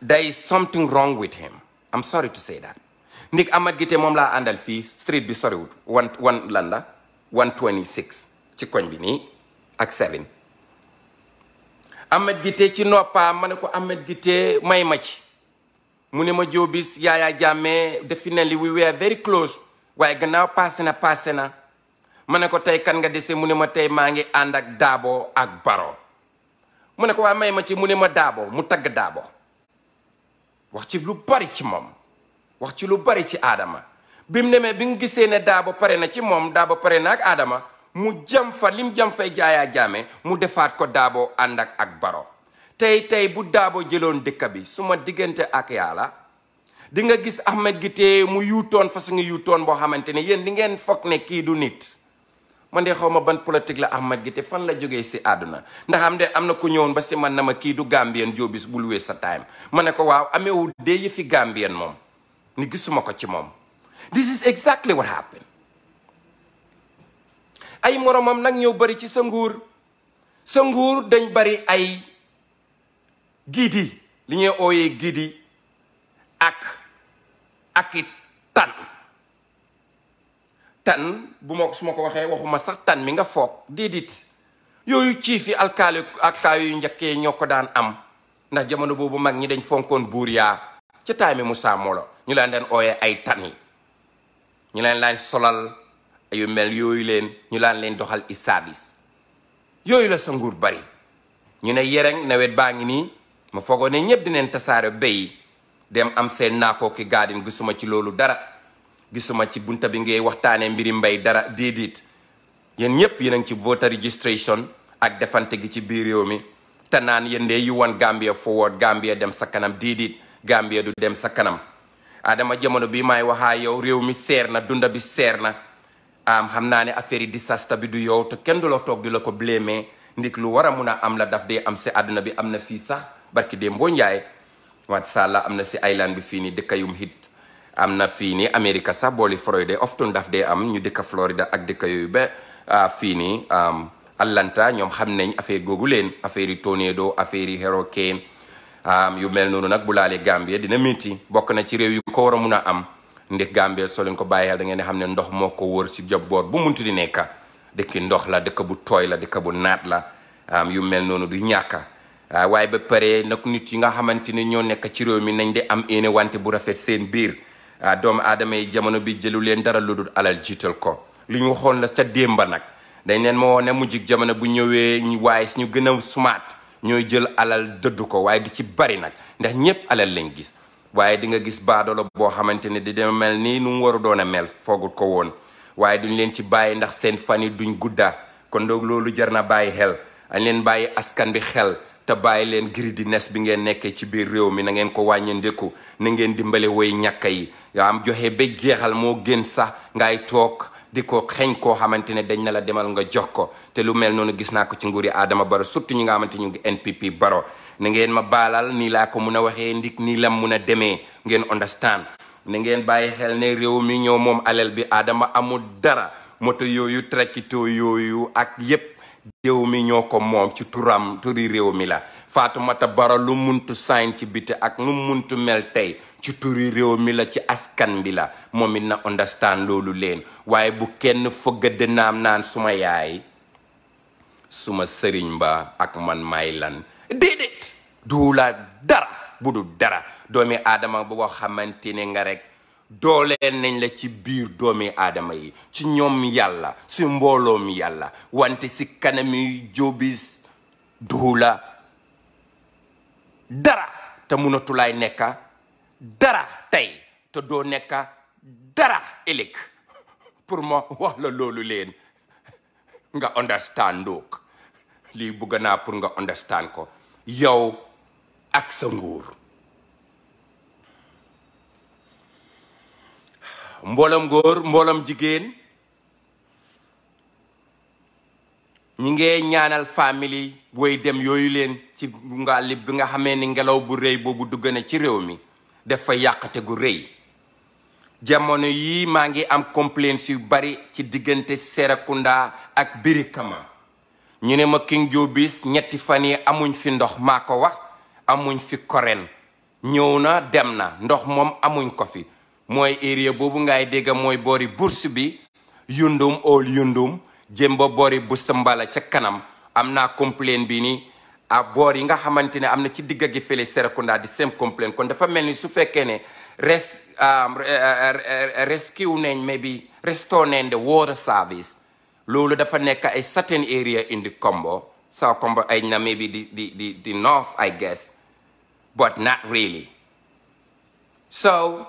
there is something wrong with him I'm sorry to say that ndik Ahmed Gite moom laa àndal fii street bi soriwut one one landa la one ci koñ bi nii ak seven Ahmed Gite ci noppaa ma ne ko Ahmed Gite may ma ci mu ne ma joobis Yaya Jammeh definitely we were very close waaye gannaaw passé na passé na ma ne ko tey kan nga dese mu ne ma tey maa ngi ànd ak Daabo ak Baro mu ne ko waa may ma ci mu ne ma Daabo mu tagg Daabo wax ci lu bari ci moom wax ci lu bari ci Adama bi mu demee bi nga gisee ne Daabo pare na ci moom Daabo pare na ak Adama mu jam fa lim jam fay Yaya Jammeh mu defaat ko Daabo ànd ak ak Baro tey tey bu daabo jëloon dëkk bi suma diggante ak yàlla di nga gis Ahmed Giteye mu yuutoon façon yuutoon boo xamante ne yéen di ngeen foog ne kii du nit man de xaw ma ban politique la Ahmed Giteye fan la jógee si àdduna ndax am de am na ku ñëwoon ba si man na ma kii du Gambien joobis bul wees sa time ma ne ko waaw ameewu dee yëfi gàmbien moom ni gisuma ko ci moom this is exactly what happened ay moromam nag ñëw bari ci sa nguur sa nguur dañ bari ay gidi li ñuy ooyee giidi ak ak tan tan bu ma su ma ko waxee waxuma sax tan mi nga foog déedéet yooyu ciif yi alkaali alkaali yu njëkkee ñoo ko daan am ndax jamono boobu mag ñi dañ fonkoon buur yaa ca taami Musaa ñu leen daan ooyee ay tan ñu leen laan solal yu mel yooyu leen ñu laan leen doxal i saabis yooyu la sa nguur bari ñu ne yereŋ nawet baa ngi nii ma foogoo ne ñëpp dinañ tasaare bay dem am seen naakoo ki gaadin gisuma ci loolu dara gisuma ci bunta bi ngay waxtaanee mbiri mbay dara déedéet yéen ñëpp yéen a ngi ci voter registration ak defante gi ci biir réew mi te naan yéen de you want Gambia forward Gambia dem sa kanam déedéet Gambia du dem sa kanam Adama jamono bi may waxaa yow réew mi seer na dunda bi seer na am xam naa ne affaire yi disaster bi du yow te kenn du la toog di la ko blémer ndik lu war a mun a am la daf dee am si àdduna bi am na fii sax barki démb boo njaay wante am na si ayland bi fii nii dëkkayum hit am na fii nii Amérique sax booli Florida often daf dee am ñu dëkka Florida ak dëkka yooyu ba fii nii Atlanta ñoom xam nañ affaire googu leen affaire yi tornado affaire yi hurricane yu mel noonu nag bu laalee Gambie dina métti bokk na ci réew yu ko war a mun a am ndax Gambie soo leen ko bàyyi da ngeen xam ne ndox moo ko si jabboor bu muntu di nekka dëkki ndox la dëkk bu tooy la dëkk bu naat la yu mel noonu du ñàkka Ah, waaye ba pare nag nit yi nga xamante ne ñoo nekk ci réew mi nañ de am yéene wante bu rafet seen biir ah, doomu aadama yi jamono bi jëlu leen dara lu dul alal jiital ko li ñu waxoon la sa démba nag dañ leen moo ne mujjig jamono bu ñëwee ñu waaye suñu gën a smart ñooy jël alal dëdd ko waaye du ci bari nag ndax ñëpp alal lañ gis waaye di nga gis baadoolo boo xamante ne di dema mel nii nu mu waru doon a mel foogut ko woon waaye duñ leen ci bàyyi ndax seen fan yi duñ gudda kon donc loolu jar na bàyyi xel añ leen bàyyi askan bi xel te bàyyi leen greediness bi ngeen nekkee ci biir réew mi na ngeen ko wàññandeku na ngeen dimbale woy ñàkka yi yaa am joxe ba jeexal moo gën sax ngay toog di ko xeeñ koo xamante ne dañ na la demal nga jox ko te lu mel noonu gis naa ko ci nguuri Adama Baro surtout ñi nga xamante ñu ngi NPP Baro na ngeen ma baalal nii laa ko mun a waxee ndik nii lam mun a demee ngeen understand na ngeen bàyyi xel ne réew mi ñëw moom alal bi Adama amul dara moto yooyu tractito yooyu ak yépp réew mi ñoo ko moom ci turam turi réew mila la Fatoumata Baro lu muntu sign ci biti ak nu muntu mel ci turi réew mi la ci askan bi la moom it na understand loolu leen waaye bu kenn fëgg dënnaam naan suma yaay suma sëriñ ba ak man may lan déedéet dara bu du dara doomi aadama boo xamante ne nga rek doole nañ la ci biir doomi aadama yi ci ñoom yàlla si mbooloom yàlla wante si kanami jóobis duula dara te munatulaay nekka dara tey te doo nekka dara ëllëg pour ma wax la loolu leen nga understand doog lii bëgg naa pour nga understand ko yow ak sa nguur mboolam góor mboolam jigéen ñi ngee ñaanal famille booy dem yooyu leen ci bi nga xamee ni ngelaw bu rëy boobu dugg na ci réew mi dafa yàqte gu rëy jamono yii maa ngi am complaints yu bari ci diggante Serekunda ak Birikama ñu ne ma King Joobis ñetti fan yi amuñ fi ndox maa ko wax amuñ fi koren ñëw na dem na ndox moom amuñ kofi mooy area boobu ngay dégg mooy boori bourse bi yundum all yundum jëm ba boori bu sambala ca kanam am naa complain bi ni a boor yi nga xamante ne am na ci digg gi fële Serekunda di same complain kon dafa mel ni su fekkee ne res rescue nañ mais bi restore nañ the service loolu dafa nekk ay certain area indi the Kombo South Kombo ay na maybe di di di di north I guess but not really so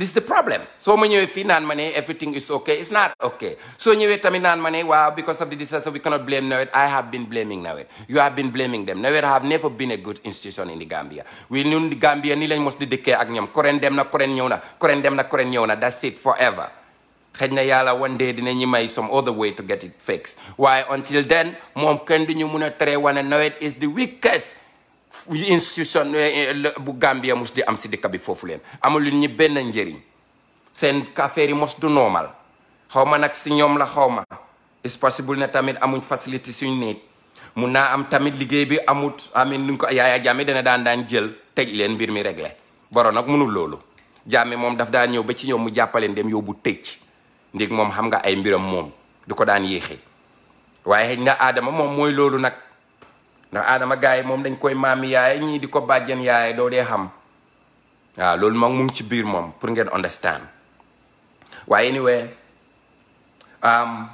this is the problem soo ma ñëwee fii naan ma ne everything is okay it's not okay soo ñëwee tamit naan ma ne waaw because of the disaster we cannot blame NAWED I have been blaming NAWED you have been blaming them NAWED have never been a good institution in the Gambia we ñun Gambia nii lañ mos di dëkkee ak ñoom Coreen dem na Coreen ñëw na Coreen dem na Coreen ñëw na that's it forever xëy na one day dina ñu may some other way to get it fixed waaye until a institution eh, eh, bu Gambia mus di am si dëkk bi foofu leen amul ñu benn njariñ seen affaire yi mos du normal xaw ma nag si ñoom la xaw ma it's possible na tamit amuñ facilité suñ nit mun naa am tamit liggéey bi amut amin nuñ ko yaaya jàmmi dana daan daan jël tëj leen mbir mi réglé boro nag mënul loolu jàmmi moom daf daan ñëw ba ci ñoom mu jàppaleen dem yóbbu tëj ndég moom xam nga ay mbiram moom du ko daan yéexee waaye xëy moom mooy loolu nag ndax aadama gars yi moom dañ koy maami yaay ñii di ko bàjjen yaay doo dee xam loolu moom mu ci biir moom pour ngeen understand waaye anyway um,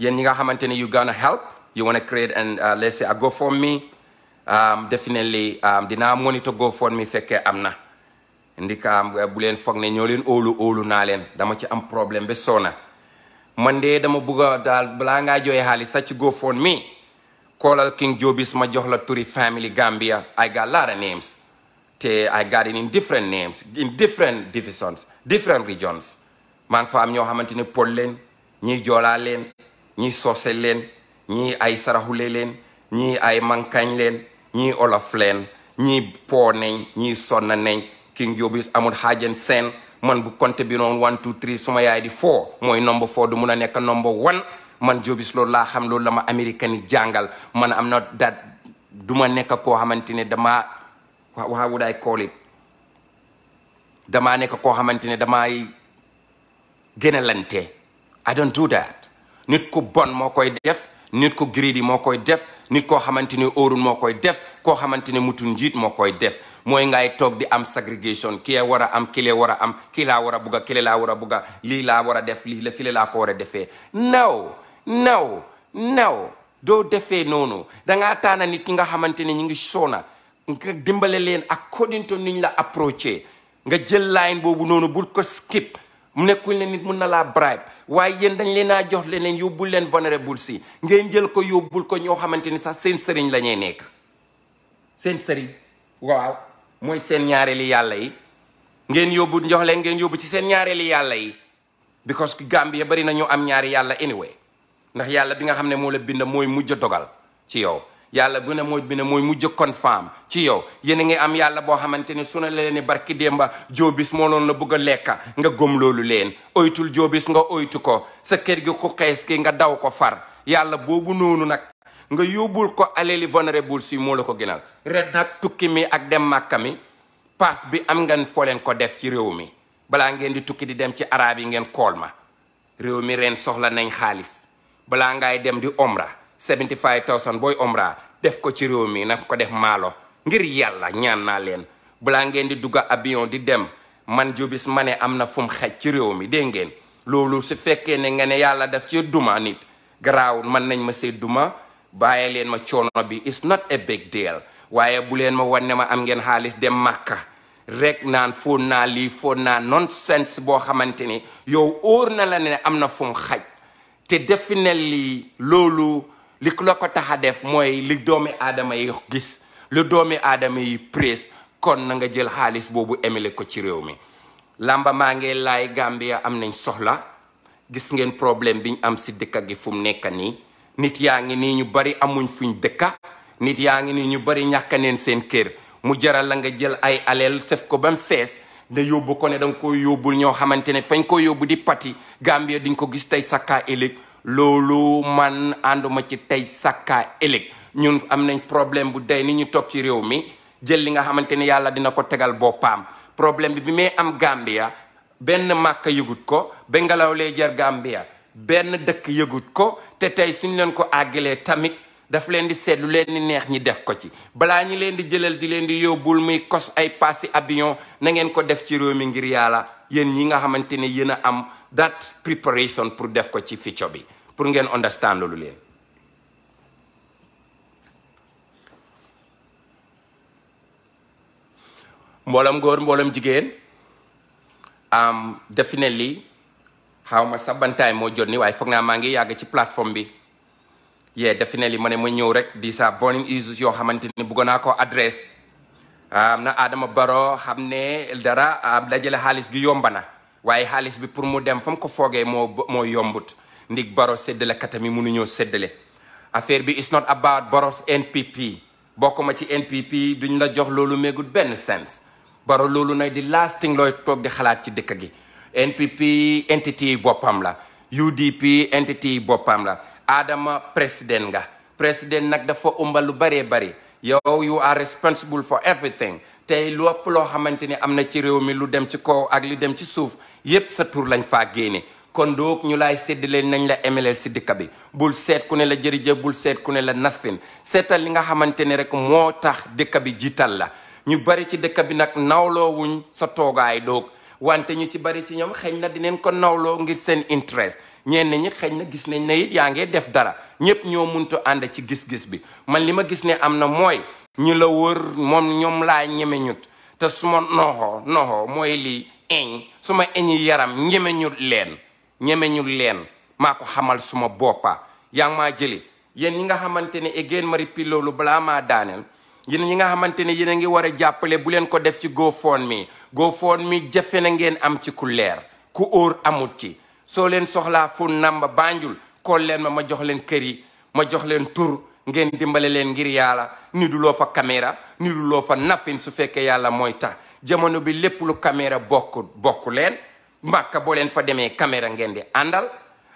yéen yi nga xamante ni you gonna help yu wanna create and uh, let's say a GoFundMe um, definitely um, dinaa monitor mi fekkee am na ndika bu leen foog ne ñoo leen óolu óolu naa leen dama ci am problème ba soona man de dama bëgg a daal balaa ngaa jooy xaalis sax ci GoFundMe koolal King Jobis ma jox la turi family Gambia I got lot names te I got it in different names in different divisions different regions maa fa am ñoo xamante ne Pël leen ñii Joolaa leen ñii Soose leen ñii ay Saraxule leen ñii ay Mankañ leen ñii Olof leen ñii Poo nañ ñii Sonna nañ King Jobis amul xaajan seen man bu compté bi noonu one two three suma yaay di four mooy number four du mun a nekk number one man Jobis loolu laa xam loolu la ma américain yi jàngal man am na dat du ma nekk koo xamante ne damaa how would I call it damaa nekk koo xamante ne damaay gënalante I don't do that nit ku bon moo koy def nit ku greedy moo koy def nit koo xamante ne óorun moo koy def koo xamante ne mutu njiit moo koy def mooy ngay toog am segregation kii a war am kii la war a am kii laa war a bugga kii laa war a lii laa war a def lii la fii laa ko war a defee naw naw doo defee noonu danga ngaa taana nit ki nga xamante ne ñu ngi soona nga dimbale leen ak kodinto niñ la approché nga jël line boobu noonu bul ko skip mu nekkul ne nit mun na laa bribe waaye yéen dañ leen a jox leen yóbbul leen vulnérable si ngeen jël ko yóbbul ko ñoo xamante ni sax seen sëriñ la nekk seen sëriñ waaw mooy seen ñaareeli yàlla yi ngeen yóbbu jox leen ngeen yóbbu ci seen ñaareeli yàlla yi because Gambia bari na ñu am ñaari yàlla anyway ndax yàlla bi nga xam ne moo la bind mooy mujj dogal ci yow yàlla bu ne mooy bind mooy mujj confirm ci yow yéen a ngi am yàlla boo xamante ni su ne leen ni barki démba joobis moo loon la bëgg a lekka nga gom loolu leen oytul joobis nga oytu ko sa kër gi ko xees ki nga daw ko far yàlla boobu noonu nag nga yóbbul ko aleli vulnérable si moo la ko gënal ret nag tukki mi ak dem màkka mi paas bi am ngeen foo leen ko def ci réew mi balaa ngeen di tukki di dem ci araab yi ngeen kool ma réew mi ren soxla nañ xaalis balaa ngay dem di omra 75000 booy omra def ko ci réew mi na ko def maalo ngir yàlla ñaan naa leen balaa ngeen di dugg avion di dem man jobis ma ne am na fum mu ci réew mi dégg ngeen loolu su fekkee ne nga ne yàlla daf ci duma nit garaaw man nañ ma see duma bàyyi leen ma coono bi is not a big deal waaye bu leen ma wan ne ma am ngeen xaalis dem màkka rek naan foon naa lii foon naa nonsense boo xamante ni yow óor na la ne am na fu mu te definitely loolu li la ko tax a def mooy li doomi aadama yi gis lu doomi aadama yi prise kon na nga jël xaalis boobu émile ko ci réew mi làmba maa ngi laay Gambia am nañ soxla gis ngeen problème biñ am si dëkk gi fu mu nekk nii nit yaa ngi nii ñu bari amuñ fuñ dëkka nit yaa ngi nii ñu bari ñàkkaneen seen kër mu jaral la nga jël ay aleel sef ko ba fees nga yóbbu ko ne danga ko yóbbul ñoo xamante ne fañ ko yóbbu di pati Gambia diñ ko gis tey sakka ëllëg loolu man ànduma ci tey saka ëllëg ñun am nañ problème bu day ni ñu toog ci réew mi jël li nga xamante ne yàlla dina ko tegal boppam problème bi bi may am Gambia benn màkka yëgut ko ba ngelaw lay jar Gambia benn dëkk yëgut ko te tey suñ leen ko àggalee tamit daf leen di seet lu leen di neex ñi def ko ci balaa ñi leen di jëlal di leen di yóbbul muy kos ay passi avion nangeen ko def ci réew mi ngir yàlla yéen ñi nga xamante ne yéen a am that preparation pour def ko ci ficco bi pour ngeen understand loolu leen mboolam góor mboolam jigéen am definitely xaw ma sabantaay moo jot ni waaye foog naa maa ngi yàgg ci plateforme bi yeah definitely ma ne ma ñëw rek di sa burning issues yoo xamante ni bëggoon naa ko adresse am na Adama Barrow xam ne dara dajale xaalis gi yomba na waaye xaalis bi pour mu dem fa mu ko foogee moo moo yombut ndig Barrow séddale katami mënuñoo séddale affaire bi it's not about Barrow's NPP bokk ma ci NPP duñ la jox loolu méegut benn sens Barrow loolu nag di lasting looy toog di xalaat ci dëkk gi NPP entity yi boppam la UDP entity boppam la Adama president nga president nag dafa ëmba lu bëree bëri yow yu are responsible for everything tey lépp loo xamante ni am na ci réew mi lu dem ci kaw ak lu dem ci suuf yépp sa tur lañ faa génne kon doog ñu laay séddalee nañ la emeleel si dëkk bi bul seet ku ne la jërëjëf bul seet ku ne la nafin seetal li nga xamante ne rek moo tax dëkk bi jiital la ñu bari ci dëkk bi nag nawloo wuñ sa toogaay doog wante ñu ci bari ci ñoom xëy na di dineen ko nawloo ngir seen interest ñenn ñi xëy na gis nañ ne it yaa ngee def dara ñëpp ñoo muntu ànd ci gis-gis bi man li ma gis ne am na mooy ñu la wër moom ñoom laa ñeme ñut te suma noxo noxo mooy lii eñ su ma eñi yaram ñeme ñut leen ñeme leen maa ko xamal suma boppa yaa ngi maa jëli yéen ñi nga xamante ne again ma répéter balaa maa daaneel yéen ñi nga xamante ne yéen a ngi war a jàppale bu leen ko def ci GoFundMe mi jafe na ngeen am ci ku leer ku óor amut ci soo leen soxlaa fu namba Banjul kool leen ma ma jox leen kër yi ma jox leen tur ngeen dimbale leen ngir yàlla ni du loo fa kamera ni fa nafin su fekkee yàlla mooy tax jamono bi lépp lu caméra bokk bokk leen màkka boo leen fa demee caméra ngeen di àndal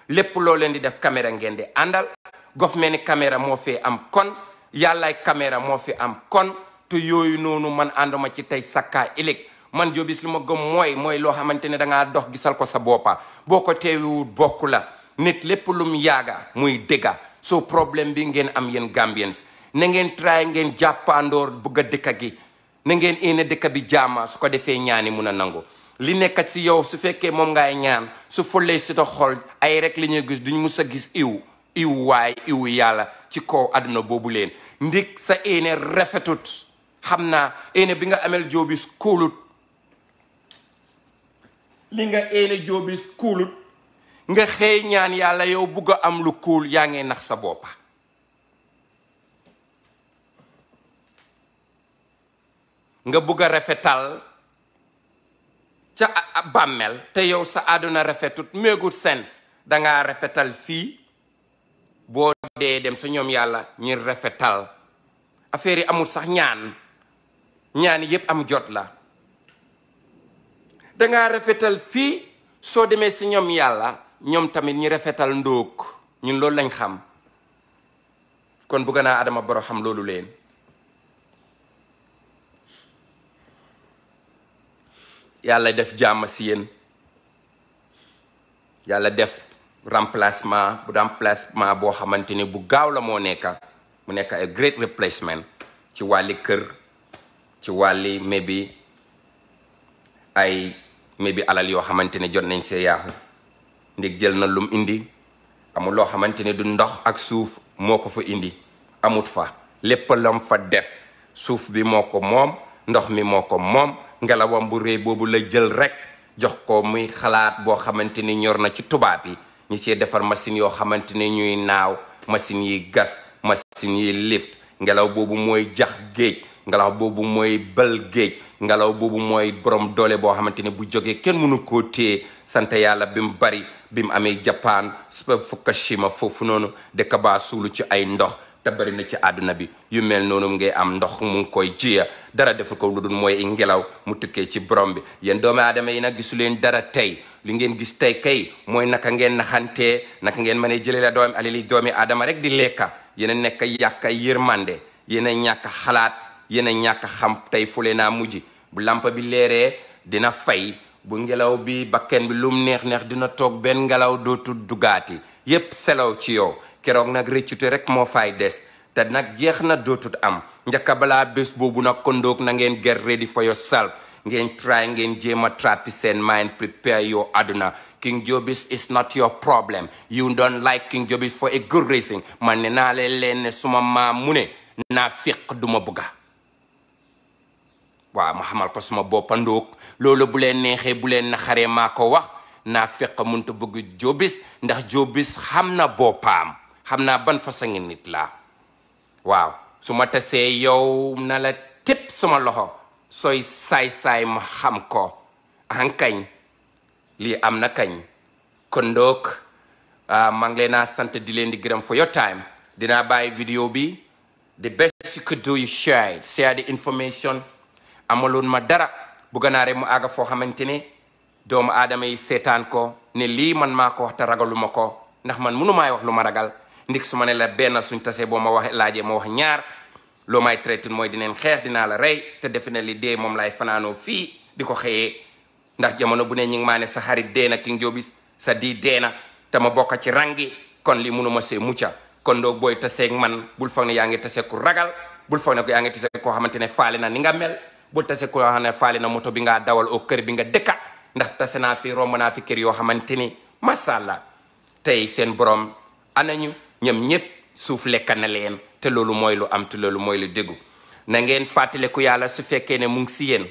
lépp loo leen di def caméra ngeen di àndal gof mel ni caméra moo fi am kon yàllaay caméra moo fi am kon te yooyu noonu man ànduma ci tey sakkaa ëllëg man joobis lu ma gëm mooy mooy loo xamante ne da ngaa dox gisal ko sa boppa boo ko teewiwut bokk la nit lépp lum yaaga muy dëgga soo problème bi ngeen am yéen Gambians na ngeen try ngeen jàppandoor bëgg a dëkka gi na ngeen eene dëkka bi jaama su ko defee ñaani mun a nangu li nekkat si yow su fekkee moom ngay ñaan su fulee si ta xool ay rekk li ñuy gis duñ mus a gis iw iw waay iw yàlla ci kaw àdduna boobu leen ndik sa eene rafetut xam naa eene bi nga amel joobis kóolut li nga eene joobis kuulut nga xëy ñaan yàlla yow bugg a am lu kuul yaa ngi nax sa boppa nga bugg a rafetal ca bàmmeel te yow sa àdduna rafetut méegut sens dangaa rafetal fii boo dee dem sa ñoom yàlla ñi rafetal affaire yi amul sax ñaan ñaan yépp am jot la danga rafetal fii soo demee si ñoom yàlla ñoom tamit ñu rafetal ndóog ñun loolu lañ xam kon bugga naa Adama Barrow xam loolu leen yàlla def jàmm si yéen yàlla def remplacement bu remplacement boo xamante ni bu gaaw la moo nekka mu nekk ay great replacement ci wàlli kër ci wàlli bi ay mais bi alal yoo xamante ne jot nañ see yaaxu ndég jël na lum indi amul loo xamante ne du ndox ak suuf moo ko fa indi amut fa lépp lam fa def suuf bi moo ko moom ndox mi moo ko moom ngelawam bu rëy boobu la jël rek jox ko muy xalaat boo xamante ni ñor na ci tubaab yi ñi see defar machine yoo xamante ne ñuy naaw machine yi gas machine yi lift ngelaw boobu mooy jax géej ngelaw boobu mooy bël géej ngelaw boobu mooy borom doole boo xamante ne bu jógee kenn mënu koo téye sant yàlla bi mu bari bi mu amee Japan Fukushima foofu noonu deka baa suulu ci ay ndox te bari na ci àdduna bi yu mel noonu ngay am ndox mu ngi koy jiya dara deful ko lu dul mooy ngelaw mu tukkee ci borom bi yéen doomu aadama yi nag gisu leen dara tey li ngeen gis tey kay mooy naka ngeen naxantee naka ngeen mën a jëlee la doomi alali doomi aadama rek di lekka yéen a nekk yàkka yërmande yéen a ñàkk xalaat yéen ñàkk xam tey fule naa mujj bu làmp bi leeree dina fay bu ngelaw bi bakken bi lum neex neex dina toog benn ngelaw dootul dugaati yépp selaw ci yow keroog nag rëccute rek moo fay des te nag jeex na dootut am njëkka balaa bés boobu nag kondoog na ngeen get ready for yourself ngeen try ngeen jéem a trappi seen mind prepare your aduna King Jobis is not your problem you don't like King Jobis for a good reason man ne naa leen leen ne suma maam mu ne naa fiq duma bugga waaw ma xamal ko suma boppandoog loolu bu leen neexee bu leen xaree maa ko wax naa fekk munta bëgg jóbis ndax jóbis xam na boppaam xam naa ban façon ngi nit laa waaw su ma tasee yow nala la tëpp suma loxo soy saay-saay ma xam ko kañ lii am na kañ kon donc ah, maa ngi leen a sant di leen di gërëm for your time dinaa bàyyi vidéo bi the best you could do is share share the information amaloon ma dara bu ganaare mu àgg foo xamante ne doomu aadama yi seetaan ko ne lii man maa ko wax te ragaluma ko ndax man mënumaay wax lu ma ragal ndik su ma ne la benn suñ tasee boo ma wax laajee ma wax ñaar loo may traité mooy dineen xeex dinaa la rey te defe na li dee moom laay fanaanoo fii di ko xëyee ndax jamono bu ne ñu ngi maa ne sa xarit dee na ki njóobi sa di dee na te ma bokk ci rangi kon li mënuma see mucca kon doo booy taseeg man bul foog ne yaa ngi taseeg ku ragal bul foog ne koo xamante ne bul tase koo xam ne faali na moto bi ngaa dawal oo kër bi nga dëkka ndax tase naa fi romb naa fi kër yoo xamante ni macha tey seen borom anañu ñoom ñëpp suuf lekk na leen te loolu mooy lu am te loolu mooy lu déggu na ngeen fàttaliku yàlla su fekkee ne mu ngi si yéen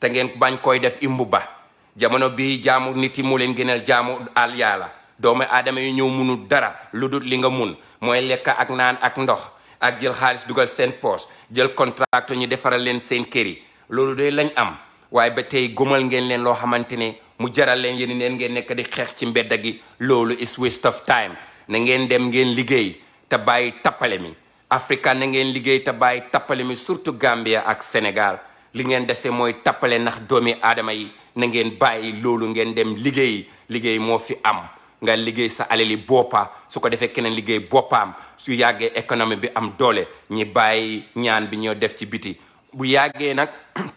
te ngeen bañ koy def imbu ba jamono bii jaamu nit yi mu leen gënal jaamu al yàlla doomu aadama yi ñëw munul dara lu dul li nga mun mooy lekk ak naan ak ndox ak jël xaalis dugal seen poche jël contrat ñu defaral leen seen kër yi loolu de lañ am waaye ba tey gomal ngeen leen loo xamante ne mu jaral leen yéen neen ngeen nekk di xeex ci mbedd gi loolu is waste of time na ngeen dem ngeen liggéey te bàyyi tappale mi Afrika na ngeen liggéey te bàyyi tappale mi surtout Gambia ak Sénégal li ngeen dese mooy tappale ndax doomi aadama yi na ngeen bàyyi loolu ngeen dem liggéey liggéey moo fi am nga liggéey sa alali boppa su ko defee keneen liggéey boppaam su yàggee économie bi am doole ñi bàyyi ñaan bi ñoo def ci biti bu yàggee nag *clears throat*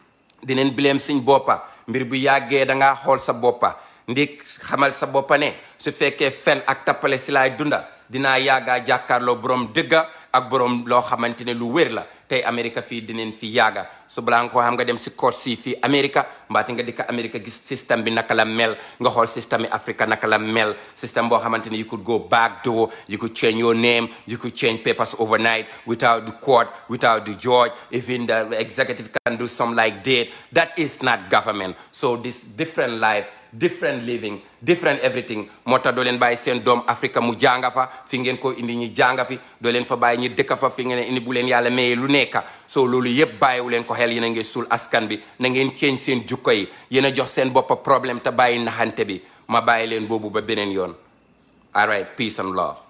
dinañ bileem suñ boppa mbir bu yàggee da xool sa boppa ndik xamal sa boppa su fekkee fen ak tappale si laay dunda dinaa yaaga jàkkaarloo borom dëgga ak borom loo xamante ne lu wér la tey Amérique fii dinañ fi yaaga su balaa nga ko xam nga dem si course si fii Amérique mbaate nga dikk Amérique gis système bi naka la mel nga xool système yi Afrique naka la mel système boo xamante ne you could go back door you could change your name you could change papers overnight without the court without the judge even the executive can do some like that that is not government so this different life different living different everything moo tax doo leen bàyyi seen doom Afrique mu jànga fa fi ngeen ko indi ñi jànga fi doo leen fa bàyyi ñi dëkka fa fi ngeen indi bu leen yàlla mayee lu nekka so loolu yëpp bàyyiwu leen ko xel yéen a ngeen suul askan bi na ngeen ceeñ seen jukko yi yéen a jox seen boppa problème te bàyyi naxante bi ma bàyyi leen boobu ba beneen yoon all right peace and